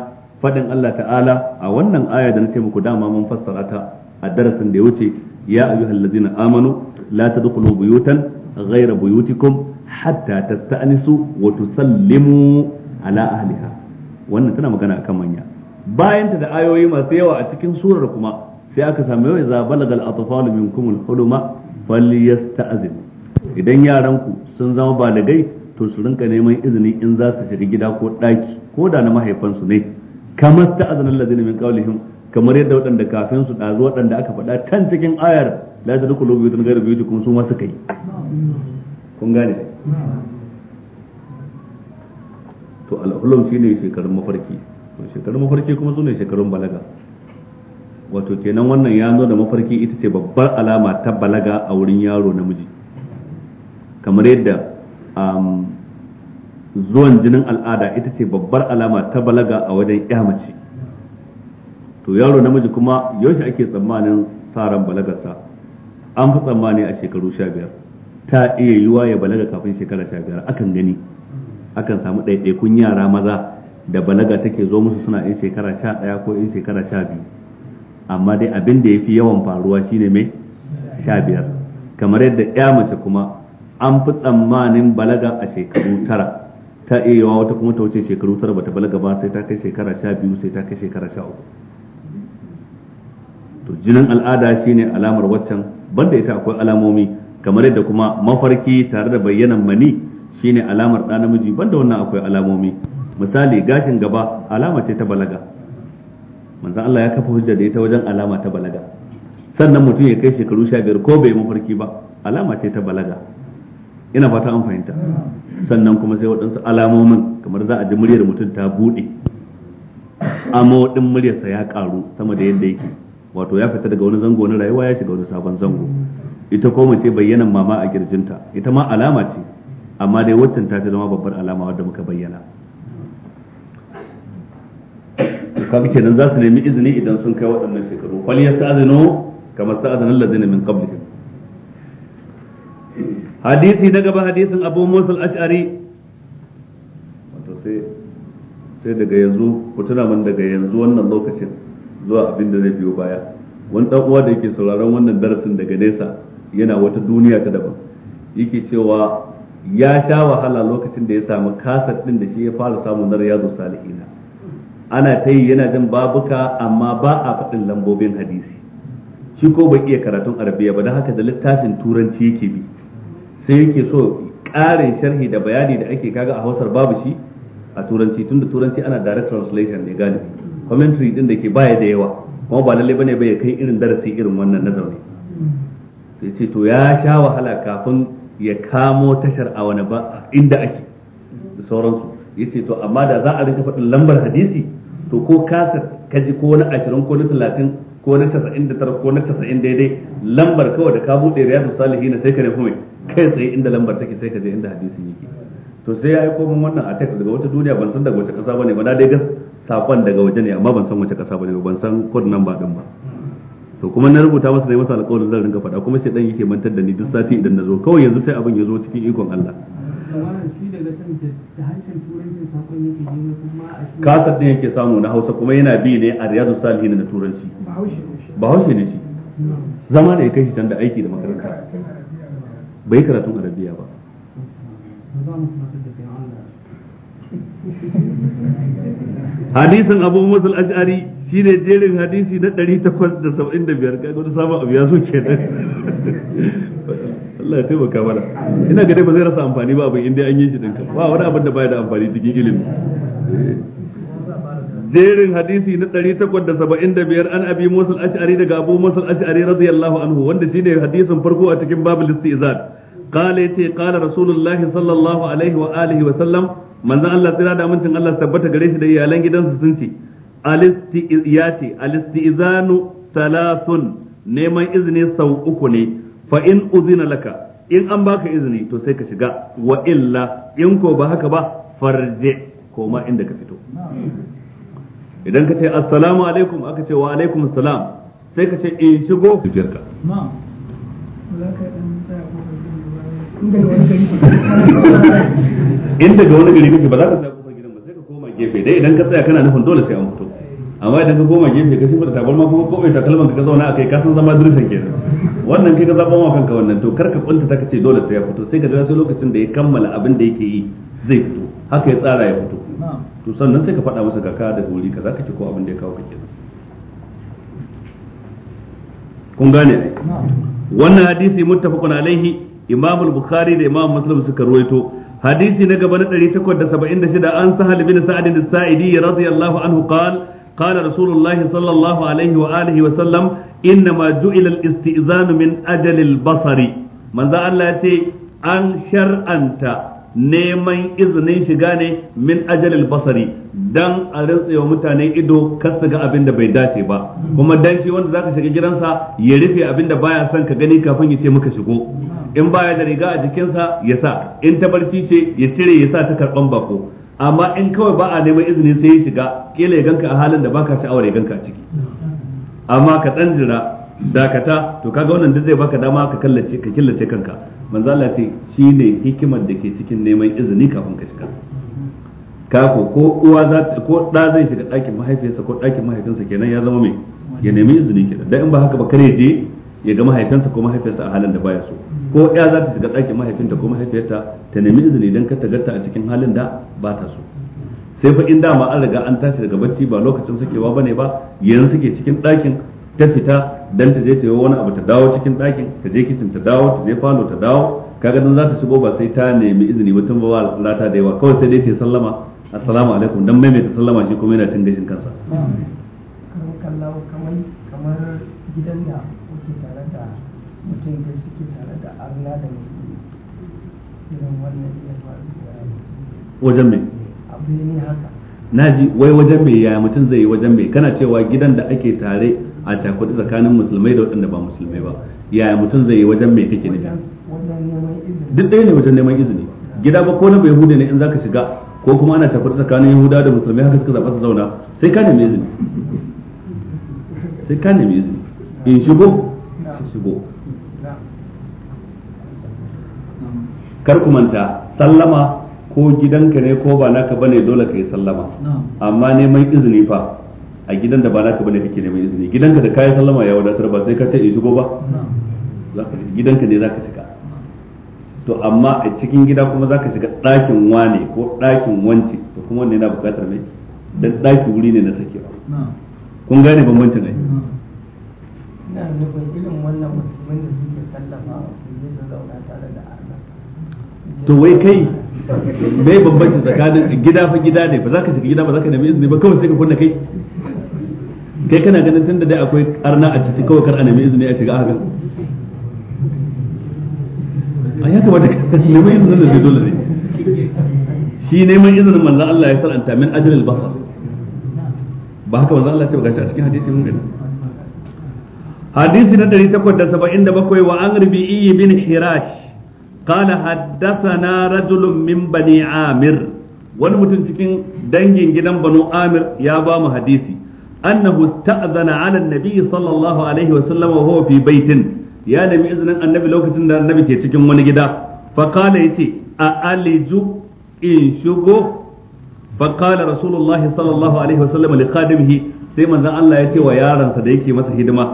faɗin Allah ta'ala a wannan aya da na ce muku dama mun fassara ta a darasin da ya wuce ya ayyuhallazina amanu la tadkhulu buyutan ghayra buyutikum hatta tasta'nisu wa tusallimu ala ahliha wannan tana magana akan manya bayan ta da ayoyi masu yawa a cikin surar kuma sai aka samu yau za balagal atfalu minkum al-huluma falyasta'zin idan yaran ku sun zama balagai to su rinka neman izini in za su shiga gida ko daki ko da na mahaifansu ne kamar ta'azana allazina min qawlihim kamar yadda waɗanda kafin su ɗazu waɗanda aka faɗa can cikin ayar la tadkhulu buyutan ghayra buyutikum su ma suka yi kun gane to al'ulum shi ne shekarun mafarki shekarun mafarki kuma su ne shekarun balaga wato kenan wannan ya zo da mafarki ita ce babbar alama ta balaga a wurin yaro namiji kamar yadda zuwan jinin al'ada ita ce babbar alama ta balaga a wajen mace to yaro namiji kuma yaushe ake tsammanin sa ran balagarsa an fi tsammani a shekaru sha biyar ta iya yiwa ya balaga kafin shekara sha biyar akan gani akan samu ɗaiɗaikun yara maza da balaga take zo musu suna yin shekara sha ɗaya ko yin shekara sha biyu amma dai abin da ya fi yawan faruwa shine mai sha biyar kamar yadda ya mace kuma an fi tsammanin balaga a shekaru tara ta iya yawa wata kuma ta wuce shekaru tara bata balaga ba sai ta kai shekara sha biyu sai ta kai shekara sha uku to jinin al'ada shine alamar waccan banda ita akwai alamomi kamar yadda kuma mafarki tare da bayyanan mani shine alamar ɗa namiji banda wannan akwai alamomi misali gashin gaba alama ce ta balaga manzo Allah ya kafa hujja da ita wajen alama ta balaga sannan mutum ya kai shekaru sha biyar ko bai mafarki ba alama ce ta balaga ina fata an fahimta sannan kuma sai waɗansu alamomin kamar za a ji muryar mutum ta buɗe amo ɗin muryarsa ya ƙaru sama da yadda yake wato ya fita daga wani zango na rayuwa ya shiga wani sabon zango ita ko mace bayyanan mama a kirjinta ita ma alama ce amma dai waccan ta zama babbar alama wadda muka bayyana kaga kenan za su nemi izini idan sun kai waɗannan shekaru fal yasta'zinu kama sta'zana allazina min qablihim hadisi na gaba hadisin Abu Musa al-Ash'ari wato sai sai daga yanzu ku tuna man daga yanzu wannan lokacin zuwa abin da zai biyo baya wani dan uwa da yake sauraron wannan darasin daga nesa yana wata duniya ta daban yake cewa ya sha wahala lokacin da ya samu kasar din da shi ya fara samu na riyazu salihina ana ta yi yana jin babuka amma ba a faɗin lambobin hadisi shi ko bai iya karatun arabiya ba don haka da littafin turanci yake bi sai yake so ƙarin sharhi da bayani da ake kaga a hausar babu shi a turanci tunda turanci ana direct translation ne galibi commentary din da ke baya da yawa kuma ba lalle bane bai kai irin darasi irin wannan na zaune sai ce to ya sha wahala kafin ya kamo tashar a wani ba inda ake da sauransu ya ce to amma da za a rika faɗin lambar hadisi to ko kasa kaji ko na ashirin ko na talatin ko na tasa'in da tara ko na tasa'in daidai lambar kawai da ka buɗe riyadu na sai ka nufi mai kai tsaye inda lambar take sai ka je inda hadisi yake to sai ya yi komin wannan a text daga wata duniya ban san daga wace ƙasa ne ba na dai gas sakon daga waje ne amma ban san wace ƙasa ne ban san code number din ba to kuma na rubuta masa ne masa alƙawarin zan ringa faɗa kuma shedan yake mantar da ni duk sati idan nazo kawai yanzu sai abin ya zo cikin ikon Allah kasar din yake samu na Hausa kuma yana bi ne a Riyadu Salihin na Turanci ba hausa ne shi hmm. zama da ya kai shi can da aiki da makaranta bai karatun Arabiya ba hadisin abu musul ash'ari shi ne jerin hadisi na 875 ga wani sabon abu ya zo nan Allah ya taimaka mana ina ga dai ba zai rasa amfani ba abin inda an yi shi dinka ba wani abin da baya da amfani cikin ilimi jerin hadisi na 875 an abi musul ash'ari daga abu musul ash'ari radiyallahu anhu wanda shi ne hadisin farko a cikin babul istizan qala yace qala rasulullahi sallallahu alaihi wa alihi wa sallam manzon Allah sai da amincin Allah tabbata gare shi da iyalan gidansa sun ce alisti izanu salasun neman izini sau uku ne fa in uzina laka in an baka izini to sai ka shiga wa illa in ko ba haka ba farje koma inda ka fito idan ka ce assalamu alaikum aka ce wa alaikum assalam sai ka ce in eh, shigo ka in daga wani gari kake ba za ka tsaya kofar gidan ba sai ka koma gefe dai idan ka tsaya kana nufin dole sai an fito amma idan ka koma gefe ka shimfa da ma kuma ko takalman ka zauna akai ka san zama dirsan kenan wannan kai ka zaban ma kanka wannan to kar ka kunta ta kace dole sai ya fito sai ka jira sai lokacin da ya kammala abin da yake yi zai fito haka ya tsara ya fito to sannan sai ka faɗa masa ka da wuri kaza ci ko abin da ya kawo ka kenan kun gane wannan hadisi muttafaqun alaihi Imamul bukhari da imam muslim suka ruwaito hadisi na gaba na 876 an sahal bin sa'ad as-sa'idi radiyallahu anhu qala قال رسول الله صلى الله عليه وآله وسلم إنما جعل الاستئذان من أجل البصر من ذا الله يتي أن شرعنت neman izinin shiga ne min ajalil basari dan a rantsewa mutane ido kar su ga abin da bai dace ba kuma dan shi wanda zaka shiga gidansa ya rufe abin da baya son ka gani kafin ya ce maka shigo in baya da riga a jikinsa ya sa in ta barci ce ya cire ya sa ta karban bako amma in kawai ba a neman izini sai ya shiga kila ya ganka a halin da baka sha'awar ya ganka a ciki amma ka tsanjira dakata to kaga wannan duk zai baka dama ka kallace ka killace kanka manzo Allah ce shine hikimar da ke cikin neman izini kafin ka shiga ka ko ko uwa za ko da zai shiga ɗakin mahaifiyarsa ko ɗakin mahaifinsa kenan ya zama mai ya nemi izini kenan dan in ba haka ba kare je ya ga mahaifinsa ko mahaifiyarsa a halin da baya so ko ya za ta shiga ɗakin mahaifinta ko mahaifiyarta ta nemi izini dan ka tagarta a cikin halin da ba ta so sai fa in dama an riga an tashi daga bacci ba lokacin sakewa bane ba yanzu suke cikin ɗakin ta fita dan ta je ta yi wani abu ta dawo cikin ɗakin ta je kicin ta dawo ta je falo ta dawo kaga dan za ta shigo ba sai ta nemi izini ba tun ba lata da yawa kawai sai dai ta sallama assalamu alaikum dan ta sallama shi kuma yana cin gashin kansa kamar gidan da kuke tare da mutum da suke tare da arna da musulmi irin wannan iya faru wajen mai abu ne haka na ji wai wajen mai yaya mutum zai yi wajen mai kana cewa gidan da ake tare a takudu tsakanin musulmai da waɗanda ba musulmai ba yaya mutum zai yi wajen mai kake nufi duk ɗaya ne wajen neman izini gida ba ko na bai hude ne in zaka shiga ko kuma ana takudu tsakanin yahuda da musulmai haka suka zaɓa su zauna sai ka nemi izini sai ka nemi izini in shigo shigo kar ku manta sallama ko gidanka ne ko ba naka bane dole ka yi sallama amma neman izini fa a gidan da ba naka bane kake neman izini gidanka da kayan sallama ya wadatar ba sai ka ce in shigo ba gidanka ne zaka shiga to amma a cikin gida kuma zaka shiga ɗakin wane ko ɗakin wance to kuma wanne yana buƙatar mai dan ɗaki wuri ne na sakewa kun gane bambancin ne to wai kai bai bambanci tsakanin gida fa gida ne ba za ka shiga gida ba za ka nemi izini ba kawai sai ka kunna kai kai kana ganin tun da dai akwai arna a ciki kawai kar a nemi izini a shiga haka a ya kamata ka nemi izinin da zai dole ne shi neman izinin manzon Allah ya saranta min ajril basar ba haka manzon Allah ya ce ba gashi a cikin hadisi mun gani hadisi da takwas حديث ندري تكون دسبا إن بكوي وعن ربيعي بن حراش قال na رجل min bani amir wani mutum cikin dangin gidan banu amir ya ba mu hadisi أنه استأذن على النبي صلى الله عليه وسلم وهو في بيت يا نبي إذن النبي لو كنت النبي تيتكم ونجدا فقال يتي أألج إن شبه فقال رسول الله صلى الله عليه وسلم لخادمه سيما ذا الله يتي ويارا صديقي مسهدما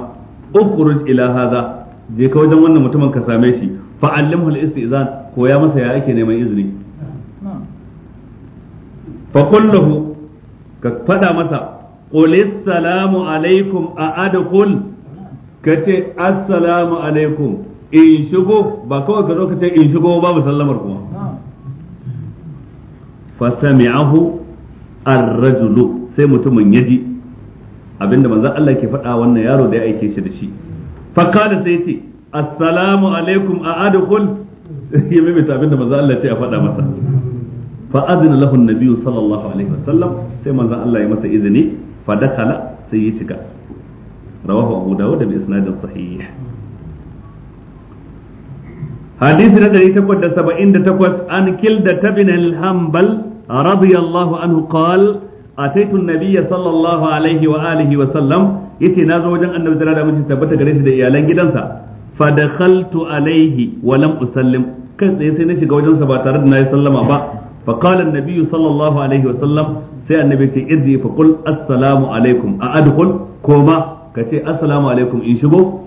اخرج إلى هذا je ka wajen wannan mutumin ka same shi fa allimhu al-istizan ko ya masa ya ake neman izini fa kullahu ka fada masa qul assalamu alaikum a adkhul kace assalamu alaikum ba kawai ka zo ka ce in shigo babu sallamar kuma fa sai mutumin yaji abinda manzon Allah ke faɗa wannan yaro da ya aike shi da shi fa kada sai ce assalamu alaikum a adkhul ya maimaita abinda manzon Allah ce a faɗa masa fa adina lahu an sallallahu alaihi wasallam sai manzon Allah ya masa izini fa sai ya shiga rawahu abu dawud bi isnadin sahih hadisi na 878 an kilda tabin al-hanbal radiyallahu anhu qala ataitu an-nabiy sallallahu alaihi wa alihi wa sallam yace na zo wajen annabi sallallahu alaihi ta tabbata gare shi da iyalan gidansa Fadakaltu dakhaltu alaihi wa lam usallim kai tsaye sai na shiga wajensa ba tare da na yi sallama ba fa qala sallallahu alaihi wa sallam sai annabi ce idzi fa qul assalamu alaikum a adkhul ko ma ka ce assalamu alaikum in shigo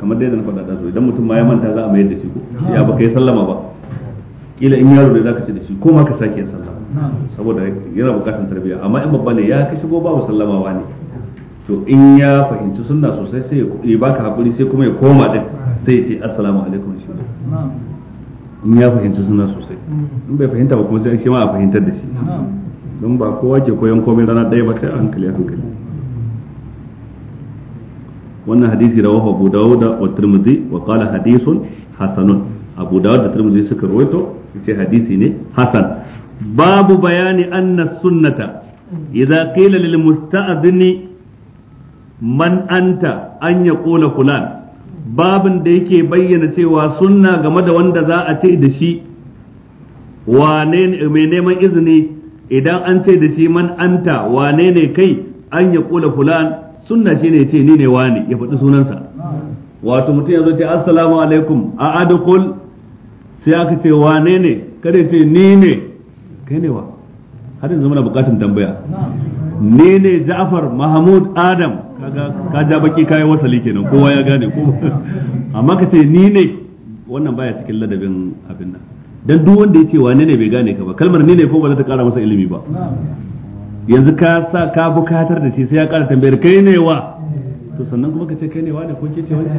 kamar dai na faɗa su idan mutum ma ya manta za a mayar da shi ko ya baka ya sallama ba kila in yaro ne zaka ce da shi ko ma ka sake sallama saboda yana bukatan tarbiyya amma in babba ne ya ka shigo babu sallamawa ne to in ya fahimci sunna sosai sai ya baka hakuri sai kuma ya koma din sai ya ce assalamu alaikum shi in ya fahimci sunna sosai in bai fahimta ba kuma sai shi ma a fahimtar da shi don ba kowa ke koyon komai rana ɗaya ba sai a hankali a hankali wannan hadisi rawahu Abu Dawud wa Tirmidhi wa qala hadithun hasanun Abu Dawud da Tirmidhi suka rawaito yace hadisi ne hasan babu bayani anna sunnata idza qila lil musta'dhini man anta an yaqula fulan babin da yake bayyana cewa sunna game da wanda za a ce da shi wane mai neman izini idan an ce da shi man anta wane ne kai an ya kula fulan sunna shine ne ce ni ne wane ya faɗi sunansa wato mutum ya zo ce assalamu alaikum a adukul sai aka ce wane ne kada ce ni ne kai ne wa har yanzu muna bukatun tambaya ni ne Ja'far Mahmud Adam ka ja baki kai wasali kenan kowa ya gane ko amma ka ce ni ne wannan baya cikin ladabin abin nan dan duk wanda yace wane ne bai gane ka ba kalmar ne ne ko ba za ta kara masa ilimi ba yanzu ka sa ka bukatar da shi sai ya kara tambayar kai ne wa to sannan kuma ka ce kai ne wa ne ko ke ce wance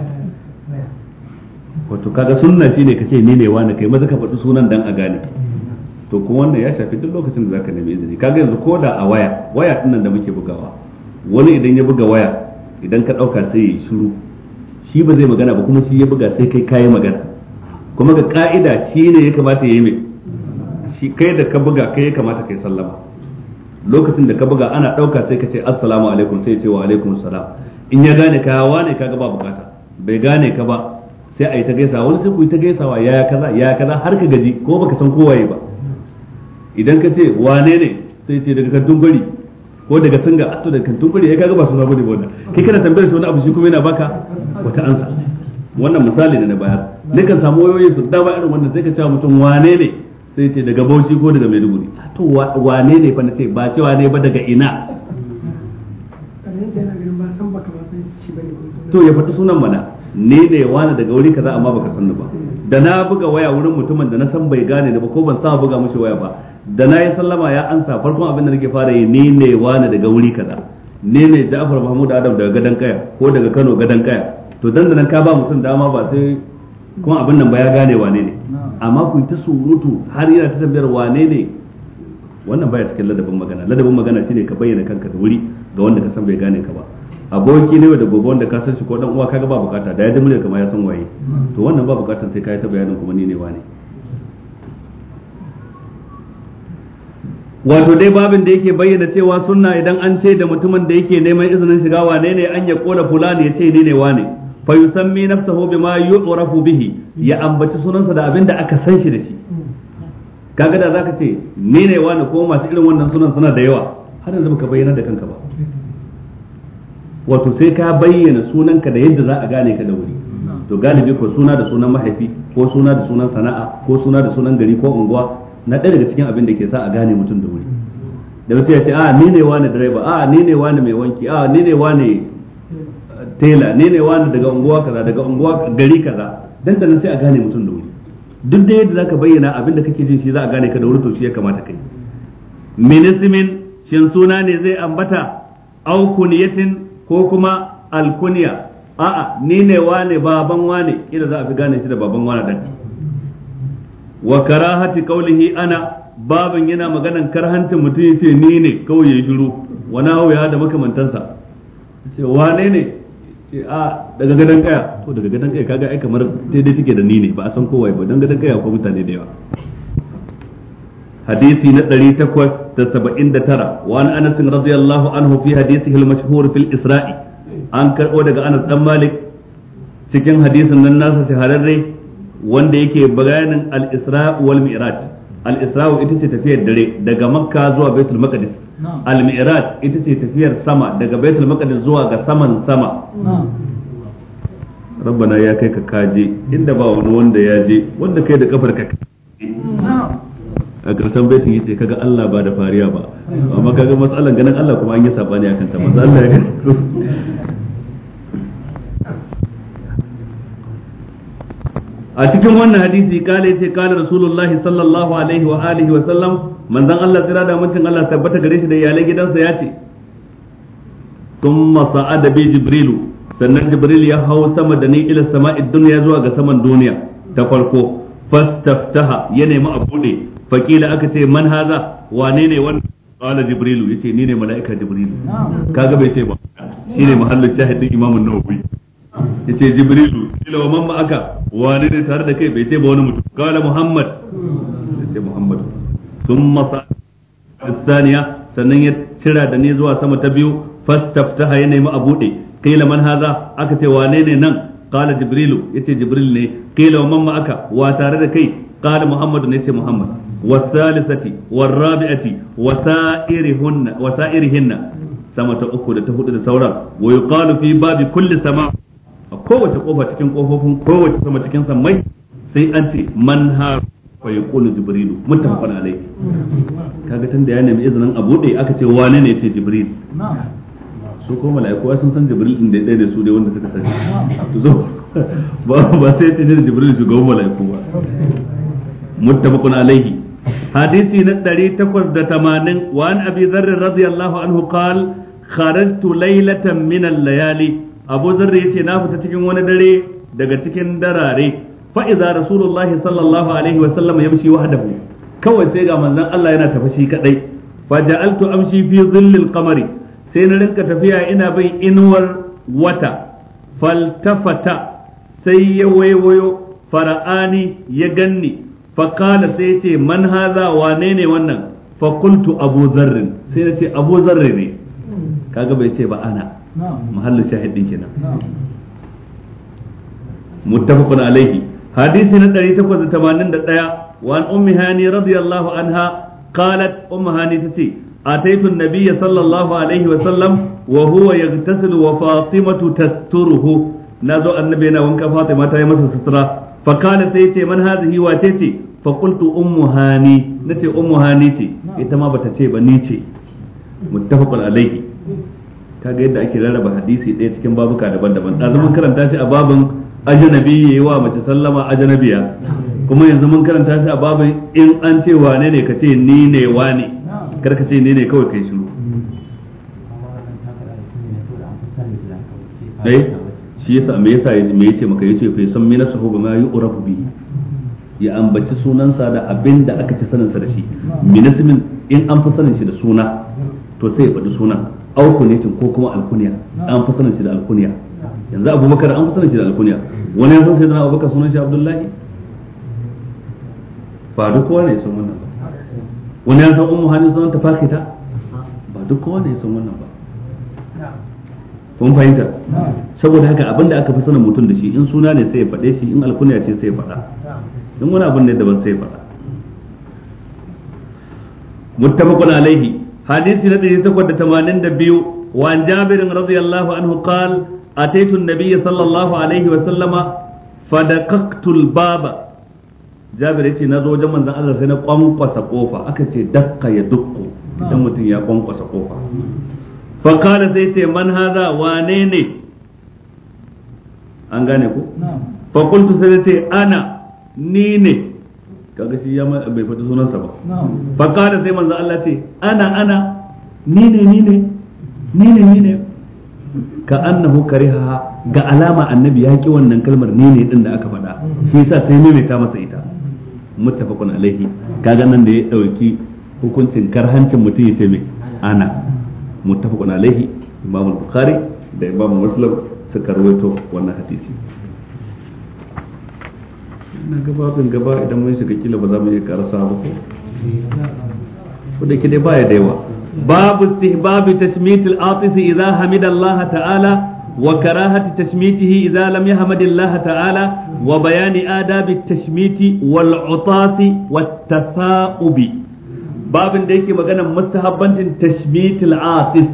wato kaga sunna shine ka ce ni ne wa ne kai maza ka faɗi sunan dan a gane to kuma wannan ya shafi duk lokacin da zaka nemi izini kaga yanzu ko da a waya waya din nan da muke bugawa wani idan ya buga waya idan ka dauka sai ya shiru shi ba zai magana ba kuma shi ya buga sai kai kayi magana kuma ga ka'ida shi ne ya kamata ya yi mai shi kai da ka buga kai ya kamata ka yi sallama lokacin da ka buga ana ɗauka sai ka ce assalamu alaikum sai ce wa alaikum salam in ya gane ka wane ka gaba ba bukata bai gane ka ba sai a yi ta gaisawa wani sai ku yi ta gaisawa ya kaza ya kaza har ka gaji ko baka san kowa ba idan ka ce wane ne sai ce daga kantun gwari ko daga sanga ato daga kantun gwari ya kaga ba suna bane ba wannan kai kana tambayar shi wani abu shi kuma yana baka wata ansa wannan misali ne na bayar dukan samu wayoyi su da ba irin wannan sai ka cewa mutum wane ne sai ce daga Bauchi ko daga Maiduguri to wane ne fa ce ba cewa ne ba daga ina to ya fata sunan mana ni ne wani daga wuri kaza amma baka san ba da na buga waya wurin mutumin da na san bai gane da ba ko ban sa buga mishi waya ba da na yi sallama ya ansa farkon abin da nake fara yi ni ne wani daga wuri kaza ni ne Ja'far Mahmud Adam daga gadan kaya ko daga Kano gadan kaya to dan da nan ka ba mutum dama ba sai kuma abin nan ba ya gane wane ne amma ku ta surutu har yana ta tambayar wane ne wannan baya cikin ladabin magana ladabin magana shine ka bayyana kanka da wuri ga wanda ka san bai gane ka ba aboki ne da gobe wanda ka san shi ko dan uwa kaga ba bukata da ya ji kamar ya san waye to wannan ba bukatar sai ka yi ta bayanin kuma ni ne wane wato dai babin da yake bayyana cewa sunna idan an ce da mutumin da yake neman izinin shiga wane ne an ya kola fulani ya ce ni ne wane fa yusammi nafsahu bima yu'rafu bihi ya ambaci sunansa da abin da aka san shi da shi kaga da zaka ce ni ne wani ko masu irin wannan sunan suna da yawa har yanzu baka bayyana da kanka ba wato sai ka bayyana sunanka da yadda za a gane ka da wuri to galibi ko suna da sunan mahaifi ko suna da sunan sana'a ko suna da sunan gari ko unguwa na ɗaya daga cikin abin da ke sa a gane mutum da wuri da mutum ya ce a ah, ni ne wani direba a ah, ni ne wani mai wanki a ah, ni ne wani tela ne ne wani daga unguwa kaza daga unguwa gari kaza dan sanan sai a gane mutum da wuri duk da yadda zaka bayyana abin da kake jin shi za a gane ka da wuri to shi ya kamata kai minisimin shin suna ne zai ambata au kuniyatin ko kuma alkuniya a'a ni ne wane baban wane idan za a fi gane shi da baban wane dan wa karahati qawlihi ana baban yana maganan karhantin mutum yace ni ne kawai ya shiru wani hau ya da makamantansa ce wane ne ce a daga gadon kaya to daga gadon kaya kaga ai kamar daidai suke da ni ne ba a san kowa ba dan gadon kaya ko mutane da yawa hadisi na 879 wa an Anas radiyallahu anhu fi hadisihi al-mashhur fil Isra'i an karbo daga Anas dan Malik cikin hadisin nan nasa shahararre wanda yake bayanin al-Isra wal Mi'raj al-Isra ita ce tafiyar dare daga Makka zuwa Baitul Maqdis al-mi'raj ita ce tafiyar sama daga baitul maqdis zuwa ga saman sama rabbana ya kai ka kaje inda ba wani wanda ya je wanda kai da kafar ka a karshen baitin yace kaga Allah ba da fariya ba amma kaga matsalan ganin Allah kuma an yi sabani akan ta manzo Allah a cikin wannan hadisi kale yace kale rasulullahi sallallahu alaihi wa alihi wa sallam manzon Allah tsira da mutum Allah tabbata gare shi da iyalan gidansa ya ce thumma sa'ada bi jibrilu sannan jibril ya hau sama da ni ila sama'id dunya zuwa ga saman duniya ta farko fastaftaha ya nemi a bude fakila aka ce man haza wane ne wannan qala jibril yace ni ne mala'ika jibril kaga bai ce ba shine mahallin shahidin imamun nawawi yace jibrilu kila wa mamma aka. wani ne tare da kai bai ce ba wani mutum kala muhammad yace muhammad thumma saniya sannan ya cira da ni zuwa sama ta biyu fastaftaha ya nemi a bude kila man haza aka ce wane ne nan kala jibrilu yace jibril ne kila wa mamma aka. wa tare da kai kala muhammad ne yace muhammad Wa والرابعة وسائرهن وسائرهن sama ta uku da ta hudu da sauran wa yuqalu fi babi kulli sama kowace kofa cikin kofofin kowace sama cikin sammai sai an ce man har fa yaqulu jibrilu muttafaqun alayhi kaga tun da ya nemi izinin a bude aka ce wane ne ce jibril su ko mala'iku sun san jibril din da ɗaya ne su dai wanda suka sani to zo ba ba sai ce ne jibril shugaban mala'iku ba muttafaqun alayhi hadisi na 880 wa an abi dharr radiyallahu anhu qala خرجت ليلة من الليالي abu zarra ya ce na fita cikin wani dare daga cikin darare fa'iza rasulullahi sallallahu alaihi wasallam yamshi wahdahu kawai sai ga manzon Allah yana tafi shi kadai fa ja'altu amshi fi dhillil qamari sai na rinka tafiya ina bin inuwar wata faltafata sai ya waiwayo fara'ani ya ganni fa kala sai ya ce man haza wane ne wannan fa qultu abu zarrin sai na ce abu zarri ne kaga bai ce ba ana mahallu shahid din kenan muttafaqun alaihi hadisi na 881 وعن أم هاني رضي الله عنها قالت أم هاني تتي أتيت النبي صلى الله عليه وسلم وهو يغتسل وفاطمة تستره نادو النبي وانك فاطمة تايمس سترة فقال سيتي من هذه واتيتي فقلت أم هاني نتي أم هاني تي إتما بتتي بنيتي متفق عليه kaga yadda ake rarraba hadisi ɗaya cikin babuka daban-daban da mun karanta shi a babin ya yi wa mace sallama ajanabiya? kuma yanzu mun karanta shi a babin in an ce wane ne ka ce ni ne wane kar ka ce ni ne kawai kai shiru Ɗaya eh, shi yasa me yasa me yace maka yace fa san mina sahu ma yu'rafu bi ya ambaci sunansa da abin da aka ci saninsa da shi minasmin in an fi sanin shi da suna to sai ya faɗi suna au ko kuma alkuniya an fi sanin shi da alkuniya yanzu abubakar an fi sanin shi da alkuniya wani ya san sai zana abubakar sunan shi abdullahi ba duk kowa ne ya san wannan ba wani ya san umu hannun sunan ta fakita ba duk kowa ne ya san wannan ba kun fahimta saboda haka abin da aka fi sanin mutum da shi in suna ne sai ya faɗe shi in alkuniya ce sai ya faɗa in wani abin ne daban sai ya faɗa muttafaqun alaihi hadisi na 882 wa an jabir radiyallahu anhu qala ataitu an-nabiy sallallahu alaihi wa sallama fadaqaqtu al-baba jabir yace na zo wajen manzon Allah sai na aka ce dakka ya dukku idan mutum ya kwankwasa kofa fa sai ce man wane an gane ku sai ce ana ni ne kaga shi ya bai fata sunansa ba fa sai manzo Allah ce ana ana ni ne ni ne ni ne ni ne ka annahu kariha ga alama annabi ya ki wannan kalmar ni ne din da aka faɗa shi yasa sai maimaita masa ita muttafaqun alaihi kaga nan da ya dauki hukuncin karhancin mutum ya ce mai ana muttafaqun alaihi imamu bukhari da imamu muslim suka rawaito wannan hadisi na gababin gaba idan mun shiga kila ba za mu karasa ba ko baya da yawa babu istihbabi tashmit al-atis idza hamida Allah ta'ala wa karahati tashmitihi idza lam yahmad Allah ta'ala wa bayani adabi tashmiti wal utasi wat tasaubi babin da yake magana mustahabbancin tashmit al-atis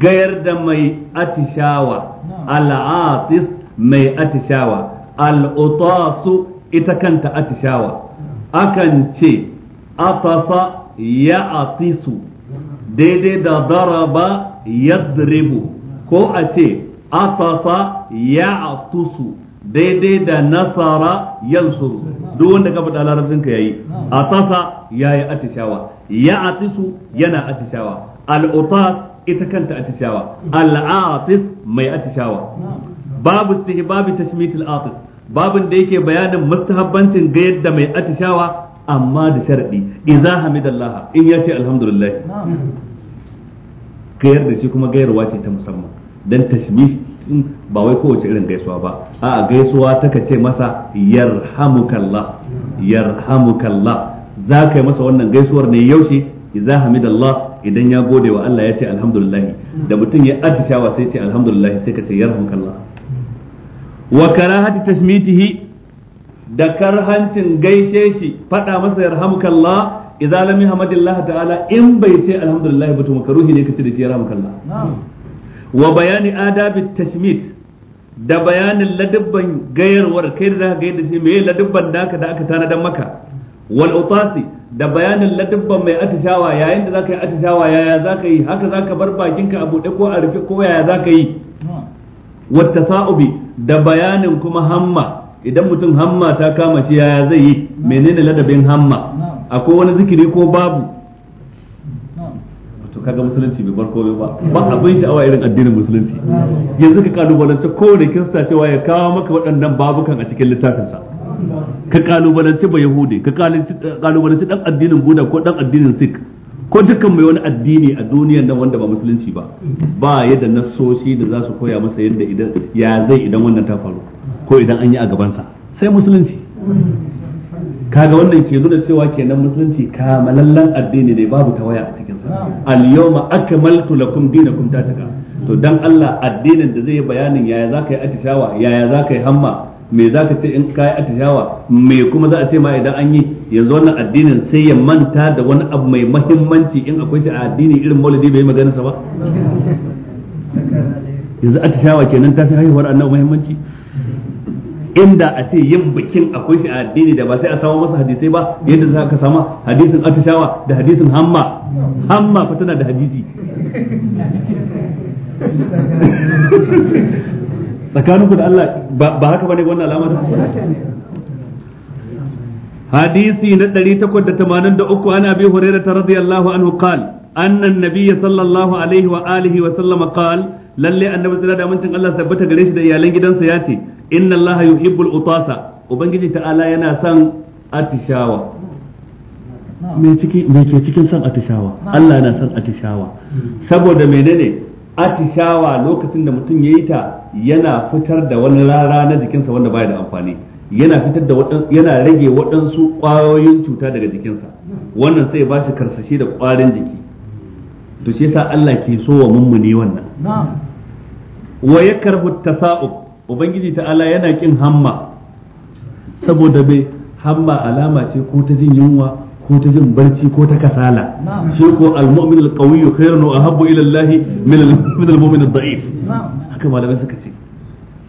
gayar da mai atishawa al-atis mai atishawa al-utasu ita kanta atishawa akan ce atasa ya atisu daidai da daraba yadribu ko a ce atasa ya atusu daidai da nasara yansuru duk wanda ka faɗa larabcin ka yayi atasa yayi atishawa ya atisu yana atishawa al'utas ita kanta atishawa al'atis mai atishawa babu istihbabi atis babin da yake bayanin mustahabbancin ga yadda mai atishawa amma da sharadi idza hamidallaha in yace alhamdulillah gayar da shi kuma gayarwa ce ta musamman dan tashbih ba wai kowace irin gaisuwa ba a gaisuwa taka ce masa yarhamukallah yarhamukallah za ka yi masa wannan gaisuwar ne yaushe idza hamidallah idan ya gode wa Allah ya ce alhamdulillah da mutum ya atishawa sai ce alhamdulillah sai ka ce yarhamukallah wa karahati tasmitihi da karhancin gaishe shi faɗa masa yarhamukallah idza lam yahmadillah ta'ala in bai ce alhamdulillah ba to makaruhi ne kace da shi yarhamukallah wa bayani adabi tashmit da bayanin ladabban gayarwar kai da zaka gaida da shi meye ladabban naka da aka dan maka wal utasi da bayanin ladabban mai atishawa yayin da zaka yi atishawa yaya zaka yi haka zaka bar bakinka a bude ko a rufe ko yaya zaka yi sa'ubi, da bayanin kuma hamma idan mutum hamma ta kama shi yaya zai yi menene ladabin hamma akwai wani zikiri ko babu to kaga musulunci bai bar komai ba ba abin sha'awa irin addinin musulunci yanzu ka kalubalance kowane kirista cewa ya kawo maka waɗannan babukan a cikin littafinsa ka kalubalance ba yahudi ka kalubalance dan addinin buda ko dan addinin sikh ko dukkan mai wani addini a duniyar nan wanda ba musulunci ba ba ya da nasoshi da za su koya masa yadda idan ya zai idan wannan ta faru ko idan an yi a gabansa sai musulunci kaga wannan ke nuna cewa kenan musulunci kamalallen addini ne babu tawaya a cikin sa al-yawma akmaltu lakum dinakum tataka to dan Allah addinin da zai yi bayanin yaya zakai yi atishawa yaya zakai hamma me za ka ce in kayi atishawa me kuma za a ce ma idan an yi yanzu wannan addinin sai ya manta da wani abu mai mahimmanci in akwai shi a addini irin maulidi bai magana sa ba yanzu atishawa kenan ta fi haihuwar annabi mahimmanci inda a ce yin bikin akwai shi a addini da ba sai a samu masa hadisai ba yadda za ka sama hadisin atishawa da hadisin hamma hamma fa tana da hadisi tsakaninku da Allah ba haka bane wannan alama ta hadisi na takwas da da tamanin 883 an abi hurairah radiyallahu anhu qal anna an-nabiy sallallahu alaihi wa alihi wa sallama qal lalle annabi sallallahu da amincin Allah sabbata gare shi da iyalan gidansa ya ce inna Allah yuhibbul utasa ubangiji ta'ala yana son atishawa me ke cikin son atishawa Allah yana son atishawa saboda menene atishawa lokacin da mutum ya yi ta yana fitar da wani rara na jikinsa wanda baya da amfani yana fitar da yana rage waɗansu ƙwayoyin cuta daga jikinsa wannan sai ba shi karsashe da ƙwarin jiki to shi yasa Allah ke so wa mummuni wannan wa yakrahu tasa'ub ubangiji ta'ala yana kin hamma saboda bai hamma alama ce ko ta jin yunwa ko ta jin barci ko ta kasala shi ko al-mu'min al-qawi khairun wa ahabbu ila Allah min al-mu'min ad-da'if haka malamai suka ce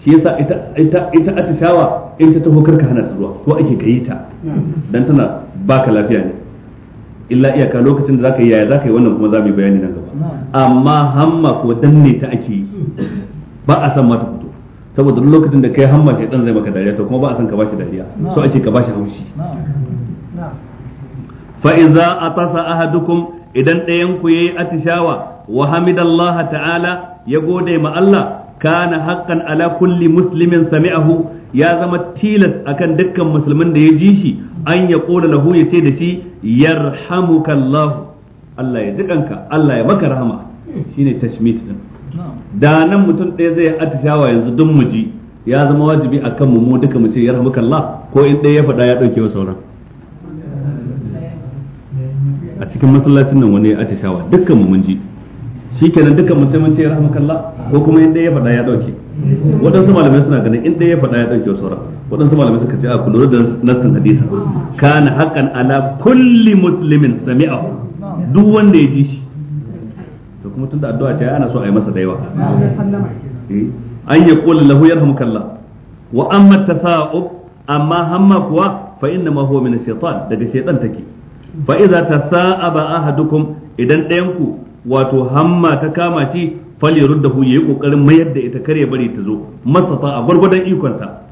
shi yasa ita ita ita atishawa in ta taho karka hana ta zuwa ko ake kayi ta dan tana baka lafiya ne illa iyaka lokacin da zaka yi yaya zaka yi wannan kuma za mu yi bayani nan gaba amma hamma ko danne ta ake yi ba a san mata fito saboda lokacin da kai hamma shaitan zai maka dariya to kuma ba a san ka bashi dariya so ake ka bashi haushi fa idza atasa ahadukum idan ɗayan ku yayi atishawa wa hamidallaha ta'ala ya gode ma Allah kana haqqan ala kulli muslimin sami'ahu ya zama tilas akan dukkan musulmin da ya ji shi an ya kola lahu ya ce da shi yarhamukallahu Allah ya jikanka Allah ya maka rahama shine tashmit din da nan mutum ɗaya zai atishawa yanzu dun mu ji ya zama wajibi akan mu mu duka mu ce yarhamukallah ko in ɗaya ya faɗa ya ɗauke wa sauran cikin masallacin nan wani ya atishawa dukkan mu mun ji shi kenan dukkan mu sai mun ce rahmakallah ko kuma in ya faɗa ya dauke waɗansu malamai suna ganin in ya faɗa ya dauke sauran waɗansu malamai suka ce a ku lura da nassin hadisa kana haqqan ala kulli muslimin sami'a duk wanda ya ji shi to kuma tunda addu'a ce ana so a yi masa da yawa eh, an ya kula lahu yarhamukallah wa amma tasa'ub amma hamma kuwa fa inna ma huwa min shaytan daga shaytan take fa idza tasa'aba ahadukum idan ɗayan ku wato hamma ta kama shi falyaruddahu yayi kokarin mayar da ita kare bari ta zo masata a gurgurdan ikon sa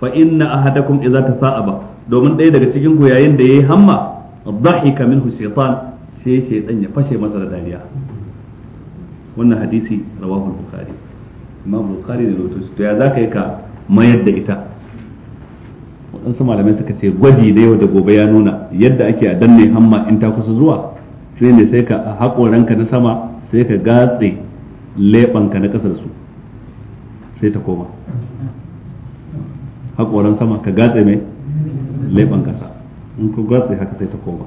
fa inna ahadakum idza tasa'aba domin ɗaya daga cikin ku yayin da yayi hamma dhahika minhu shaytan sai shaytan ya fashe masa da dariya wannan hadisi rawahu bukhari imam bukhari ne rawaito to ya zaka yi ka mayar da ita wasu malamai suka ce gwaji da yau da gobe ya nuna yadda ake a danne hamma in ta kusa zuwa shi ne sai ka haƙoranka na sama sai ka gatse ka na ƙasar su sai ta koma haƙoran sama ka gatse mai leɓan ƙasa in ka gatse haka sai ta koma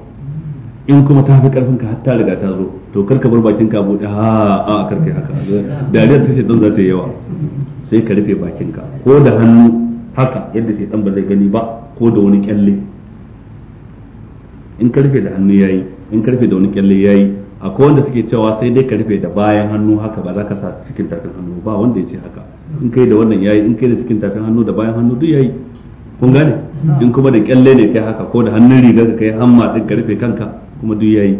in kuma ta fi ƙarfin ka hatta riga ta zo to kar ka bar bakin ka buɗe ha a karfe haka dariyar ta ce don za ta yi yawa sai ka rufe bakin ka ko da hannu haka yadda shaitan ba zai gani ba ko da wani kyalle in karfe da hannu yayi in karfe da wani kyalle yayi akwai wanda suke cewa sai dai karfe da bayan hannu haka ba za ka sa cikin tafin hannu ba wanda ya ce haka in kai da wannan yayi in kai da cikin tafin hannu da bayan hannu duk yayi kun gane in kuma da kyalle ne kai haka ko da hannun riga ka kai hamma din karfe kanka kuma duk yayi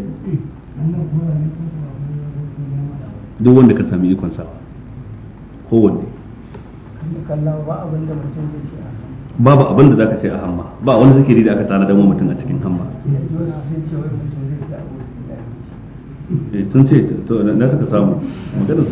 duk wanda ka sami ikon sa kowanne babu abin da zaka ce a hamma ba wani zikiri da aka tsara da mutum a cikin hamma eh, eh, sun ce to na suka samu magana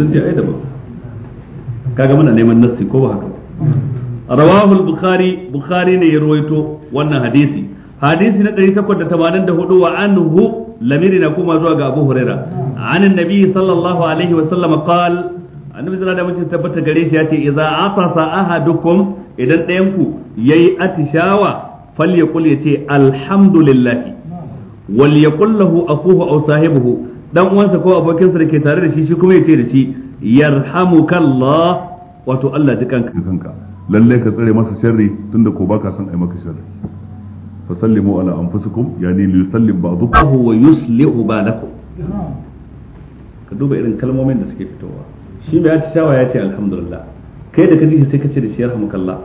ne ya ruwaito wannan hadisi hadisi na 884 wa anhu lamiri na kuma zuwa ga abu huraira an annabi sallallahu alaihi wa sallam qala annabi sallallahu alaihi wasallam tabbata gare shi yace idza asasa ahadukum idan ɗayan ku yayi atishawa fal falyakul yace alhamdulillah wal yaqul lahu akuhu aw sahibuhu dan uwansa ko abokinsa da ke tare da shi shi kuma yace da shi yarhamukallah wato Allah ji kanka kanka lalle ka tsare masa sharri tunda ko baka son ai maka sharri fasallimu ala anfusikum yani li yusallim ba'dukum wa yuslihu ba'dakum ka duba irin kalmomin da suke fitowa shi mai atishawa ya ce alhamdulillah kai da kaji sai ka ce da shi yarhamukallah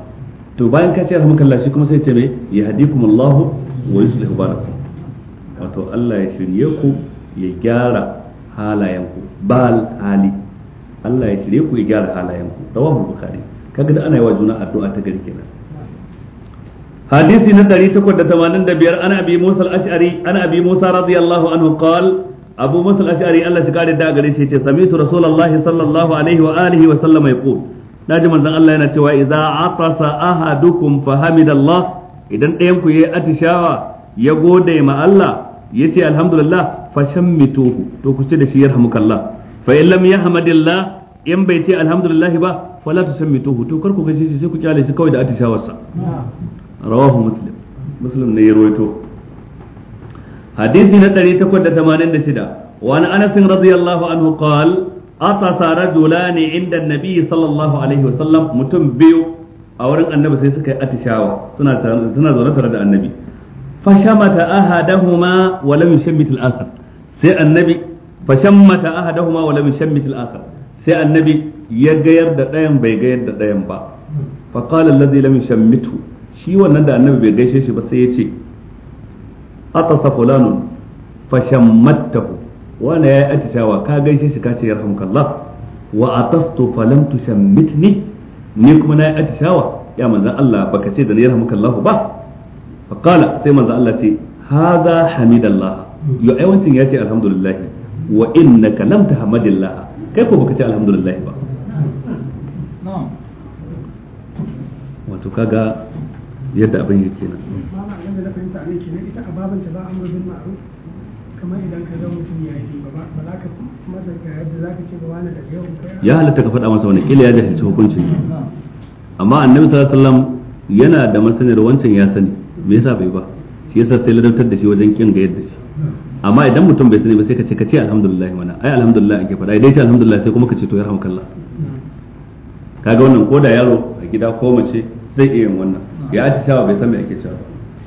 to bayan ka ce yarhamukallah shi kuma sai ce mai yahdikumullahu wa yuslihu barakum wato Allah ya shirye ku ya gyara halayenku bal hali Allah ya shirye ku ya gyara halayenku rawahu bukhari kaga da ana yi wa juna addu'a ta gari kenan حديث نتري تكون ana دبير musa al-ash'ari ana أنا musa radiyallahu anhu الله abu musul ash'ari Allah shi kare da gare shi ce samitu rasulullahi sallallahu alaihi wa alihi wa sallama yaqul naji manzon Allah yana cewa idza atasa ahadukum fahamidallah idan ɗayan ku yayi atishawa ya gode ma Allah yace alhamdulillah fashammituhu to ku ce da shi yarhamukallah fa in lam yahmadillah in bai ce alhamdulillah ba fala tusammituhu to kar ku gaishe shi sai ku kyale shi kawai da atishawarsa rawahu muslim muslim ne ya rawaito hadisi na 886 wa an Anas radiyallahu anhu qala atasa rajulani inda nabi sallallahu alaihi wasallam mutum biyu a wurin annabi sai suka yi atishawa suna suna zaune tare da annabi fashamata ahadahuma wa lam yushammit al-akhar sai annabi fashammata sai annabi ya gayar da dayan bai gayar da dayan ba shi wannan da annabi bai gaishe shi ba sai ya ce atasa fulanun fashammattahu wanda yayi atishawa ka gaishe shi ka ce yarhamukallah wa atastu falam tushammitni ni kuma na nayi atishawa ya manzon Allah baka ce da ni yarhamukallah ba fa qala sai manzon Allah ce hadha hamidallah yo ai wancin ya ce alhamdulillah wa innaka lam tahmadillah kai ko baka ce alhamdulillah ba wato kaga yadda abin yake nan da na fahimta ne kenan ita a ta ba a bin ma'ruf kamar idan ka zama mutum ya yi ba ba za ka masa ga yadda za ka ce ba wani daga yau ya halatta ka faɗa masa wani kila ya jahilci hukuncin amma annabi sallallahu alaihi wasallam yana da masaniyar wancan ya sani me yasa bai ba shi yasa sai ladabtar da shi wajen kin ga yadda shi amma idan mutum bai sani ba sai ka ce ka ce alhamdulillah mana ai alhamdulillah ake faɗa idan ce alhamdulillah sai kuma ka ce to yarhamukallah kaga wannan koda yaro a gida ko mace zai iya yin wannan ya ci shawa bai san me ake cewa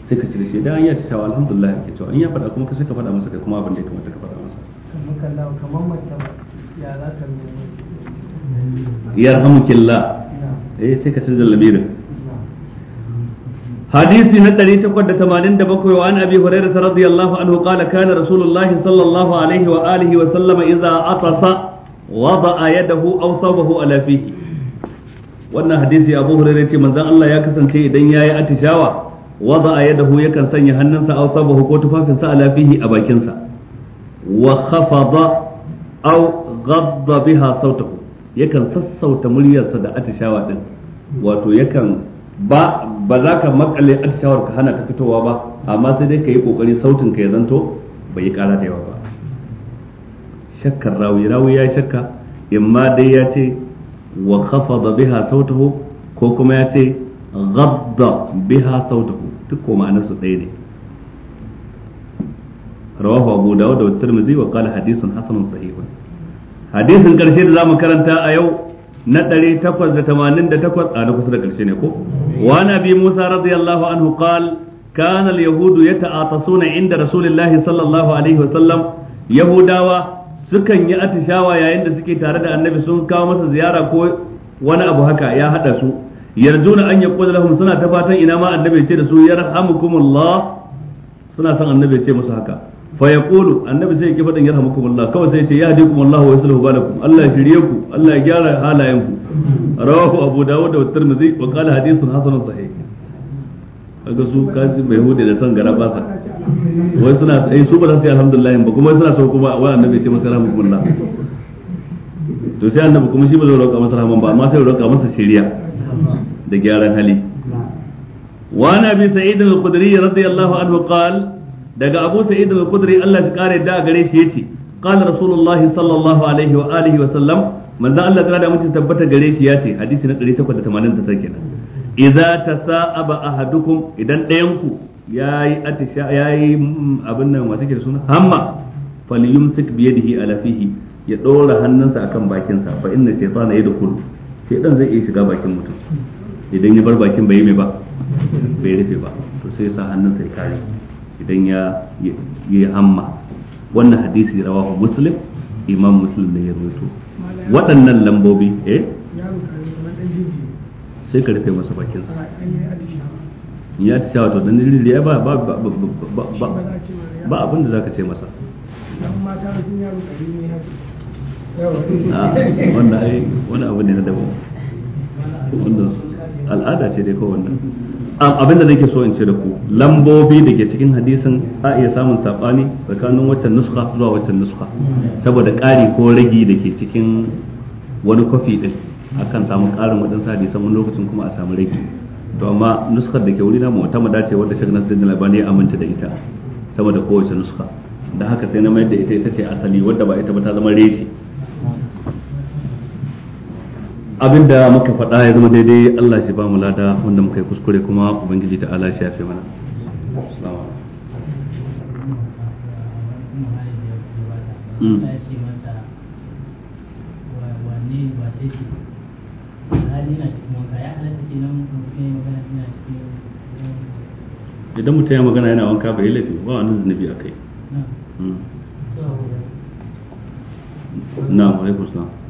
sai ka cire shi dan an ya ci alhamdulillah yake cewa in ya faɗa kuma ka sai ka faɗa masa kai kuma abin da ya kamata ka faɗa masa kamar mace ya za ta yarhamukillah eh sai ka canza lamirin حديث نتري تقد تمانين دبكو وعن أبي هريرة رضي الله عنه قال كان رسول الله صلى الله عليه وآله وسلم إذا عطس وضع يده أو صوبه على فيه wannan hadisi abu hurairah ce manzon Allah ya kasance idan yayi atishawa wada yadahu yakan sanya hannunsa aw sabahu ko tufafinsa a fihi a bakinsa wa khafada aw ghadda biha sautahu yakan sassauta muryarsa da atishawa din wato yakan ba ba za ka makale atishawar ka hana ka fitowa ba amma sai dai ka yi kokari sautin ka ya zanto bai yi kara da yawa ba shakkar ya shakka imma dai ya ce wa biha ko kuma ya ce غض بها صوته duk ko ma'anar su ɗaya ne rawahu abu dawud wa tirmidhi wa qala hadithun hasanun sahihun hadisin karshe da zamu karanta a yau na 888 a na kusa da karshe ne ko wa nabi musa radiyallahu anhu qala كان اليهود يتعاطسون عند inda الله صلى الله عليه وسلم sukan yi atishawa yayin da suke tare da annabi sun kawo masa ziyara ko wani abu haka ya hada su yarjuna an yaqulu lahum suna ta fatan ina ma annabi ce da su yarhamukumullah suna son annabi ce musu haka fa yaqulu annabi sai yake fadin yarhamukumullah kawai sai ya ce yahdikumullah wa yuslihu balakum Allah ya shirye ku Allah ya gyara halayen ku rawahu abu dawud da tirmidhi wa qala hadithun hasanun sahih kaga su kaji mai hude da san gara basa wai suna sai eh, su ba za su yi alhamdulillah ba kuma suna so kuma wai annabi ce musu yarhamukumullah to sai annabi kuma shi ba zai roƙa masa rahman ba amma sai roƙa masa shiriya da gyaran hali wa na bi sa'id al-khudri radiyallahu anhu qal daga abu sa'id al-khudri Allah shi kare da gare shi yace qala rasulullahi sallallahu alaihi wa sallam manzo Allah ta da mutum tabbata gare shi yace hadisi na 889 kenan idza tasa'aba ahadukum idan ɗayan ku yayi atisha mm, abin nan wata ke suna hamma falyumsik biyadihi a fihi ya dora hannunsa akan bakinsa fa inna dan zai iya shiga bakin mutum idan ya bar bakin bai mai ba bai rufe ba to sai sa hannun sai kare idan ya yi hamma wannan hadisi rawahu muslim imam muslim da ya rubuto waɗannan lambobi eh sai ka rufe masa bakin sa ya ci shawa to dan da ya ba ba ba ba abin da zaka ce masa Ah, wanda ai wani abu ne na wanda al'ada ce dai kawai wannan abinda nake so in ce da ku lambobi da ke cikin hadisin a iya samun sabani tsakanin waccan nuska zuwa waccan nuska saboda ƙari ko ragi da ke cikin wani kwafi a akan samu ƙarin waɗansu hadisan wani lokacin kuma a samu ragi to amma nuskar da ke wuri na mawata mu dace wadda shek da labani ya aminta da ita sama da kowace nuska da haka sai na mayar da ita ita ce asali wadda ba ita ba ta zama reshe abin da muka faɗa ya zama daidai Allah shi ba mu lada wanda muka yi kuskure kuma ubangiji ta Allah shi ya mana hmm. idan mutum ya magana yana wanka bai laifi ba wani zunubi a kai na wa kusa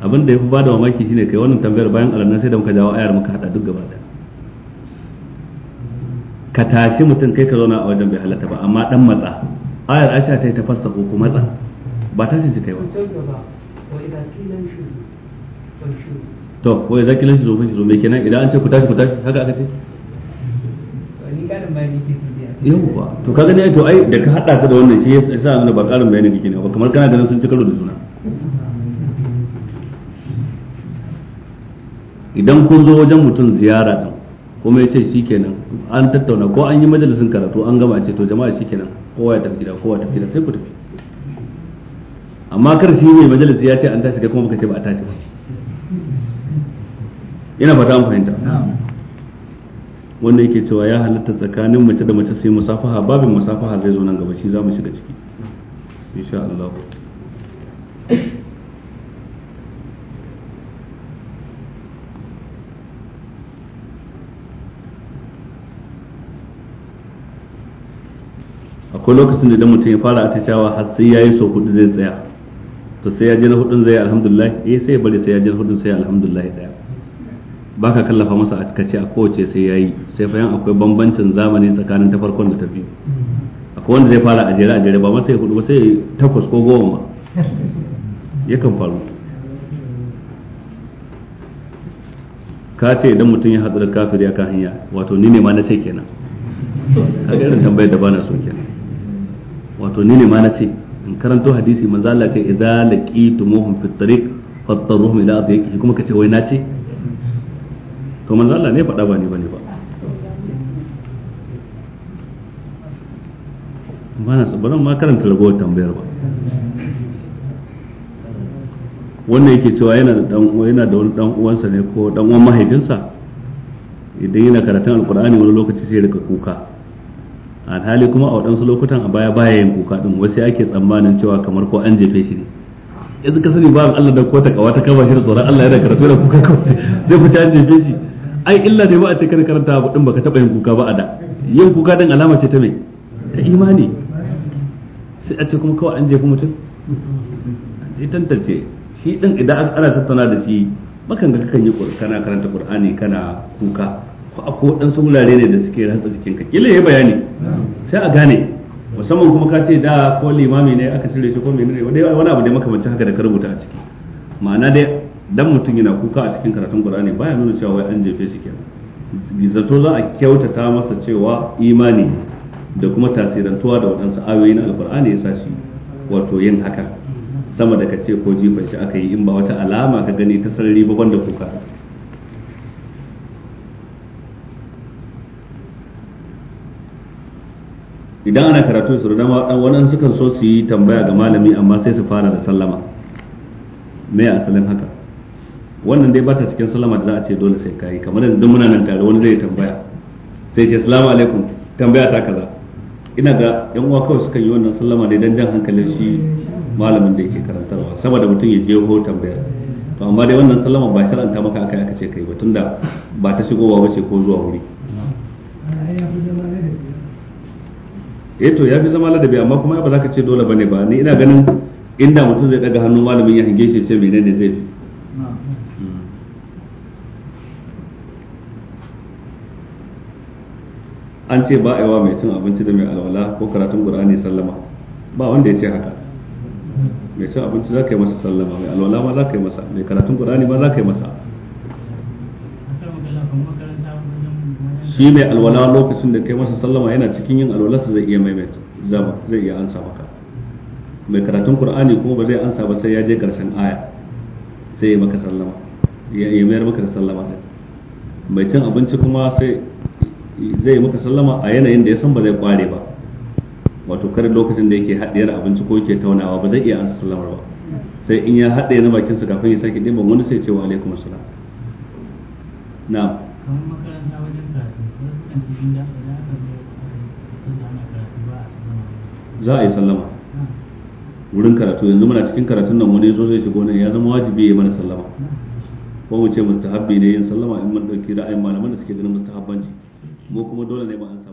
abin da ya fi ba da mamaki shine kai wannan tambayar bayan alannan sai da muka jawo ayar muka hada duk gaba daya ka tashi mutum kai ka zauna a wajen bai halatta ba amma dan matsa ayar aisha ta yi ta fasta ko matsa ba ta shi kai ba to ko ya zaki lanshi zofe shi zo me kenan idan an ce ku tashi ku tashi haka aka ce yawwa to kaga ne to ai da ka hada ka da wannan shi yasa nuna ba karin bayani kike ne ba kamar kana ganin sun ci karo da juna idan kun zo wajen mutum ziyara din kuma ya ce shi kenan an tattauna ko an yi majalisin karatu an gama ce to jama'a shi kenan kowa ya tafi gida kowa ya tafi gida sai ku tafi amma kar shi mai majalisi ya ce an tashi kai kuma baka ce ba a tashi ba ina fata an fahimta wanda yake cewa ya halatta tsakanin mace da mace sai musafaha babin musafaha zai zo nan gaba shi za mu shiga ciki insha Allah ko lokacin da idan mutum ya fara atishawa har sai ya yi so hudu zai tsaya to sai ya je na hudun zai alhamdulillah eh sai ya bari sai ya je na hudun sai alhamdulillah daya baka kallafa masa a kace a kowace sai yayi sai fa yan akwai bambancin zamani tsakanin ta farkon da ta biyu akwai wanda zai fara a jere a jere ba ma sai hudu ba sai takwas ko goma ma yakan faru ka ce idan mutum ya haɗu da kafiri akan hanya wato ni ne ma na ce kenan a irin tambayar da bana so kenan wato ni ne ma na ce in karanto hadisi manzo Allah ce idza laqitumuhum fit tariq fattaruhum ila adhiqi kuma kace wai na ce to manzo Allah ne faɗa ba ni bane ba ba na bana ma karanta ragowar tambayar ba wannan yake cewa yana da dan yana da wani dan uwansa ne ko dan uwan mahaifinsa idan yana karatun alkur'ani wani lokaci sai ya rika kuka a hali kuma a waɗansu lokutan a baya baya yin kuka ɗin wasu ake tsammanin cewa kamar ko an jefe shi ne yanzu ka sani ba Allah da kota kawa ta kama shi da tsoron Allah ya yana karatu da kuka kawai zai fi an jefe shi ai illa ne ba a ce kar karanta ba din baka taɓa yin kuka ba a da yin kuka ɗin alama ce ta mai ta imani sai a ce kuma kawai an jefe mutum ya tantance shi ɗin idan ana tattauna da shi bakan ga kakan yi kana karanta ƙur'ani kana kuka ko dan su wurare ne da suke ratsa cikin ka kila yayi bayani sai a gane musamman kuma ka ce da ko limami ne aka cire shi ko menene wani abu da bace haka da ka rubuta a ciki ma'ana dai dan mutum yana kuka a cikin karatun Qur'ani baya nuna cewa wai an jefe shi kenan zato za a kyautata masa cewa imani da kuma tasirantuwa da waɗansu ayoyi na alqur'ani ya sa shi wato yin haka sama da ka ce ko jifan shi aka yi in ba wata alama ka gani ta sarari ba banda kuka idan ana karatu su da wannan sukan so su yi tambaya ga malami amma sai su fara da sallama me ya asalin haka wannan dai bata cikin sallama da za a ce dole sai kai kamar yanzu muna nan tare wani zai tambaya sai ce assalamu alaikum tambaya ta kaza ina ga yan uwa kawai sukan yi wannan sallama dai dan jan hankalin shi malamin da yake karantarwa saboda mutum ya je ho tambaya to amma dai wannan sallama ba shar'anta maka akai aka ce kai ba tunda ba ta shigowa ce ko zuwa wuri eh to ya fi zama ladabi amma kuma ba za ka ce dole bane ba ni ina ganin inda mutum zai daga hannun malamin ya hange shi ce menene zai fi hmm. an ce ba aiwa mai cin abinci da mai alwala ko karatun qur'ani sallama ba wanda ya ce haka mai cin abinci za ka yi masa sallama mai alwala ma za ka yi masa mai karatun qur'ani ma za ka yi masa shi mai alwala lokacin da kai masa sallama yana cikin yin alwalarsa zai iya maimaita zai iya ansa maka mai karatun qur'ani kuma ba zai ansa ba sai ya je karshen aya sai ya maka sallama ya mayar maka da sallama din mai cin abinci kuma sai zai yi maka sallama a yanayin da ya san ba zai kware ba wato kar lokacin da yake haɗiyar abinci ko yake taunawa ba zai iya ansa sallamar ba sai in ya haɗe na bakinsa kafin ya sake ɗiban wani sai ce wa alaikum assalam na'am za a yi sallama wurin karatu yanzu muna cikin karatun nan wani zo zai shigo nan ya zama wajibi ya mana sallama ko mu ce mustahabbi ne yin sallama in mun dauki ra'ayin malaman da suke ganin mustahabbanci mu kuma dole ne mu an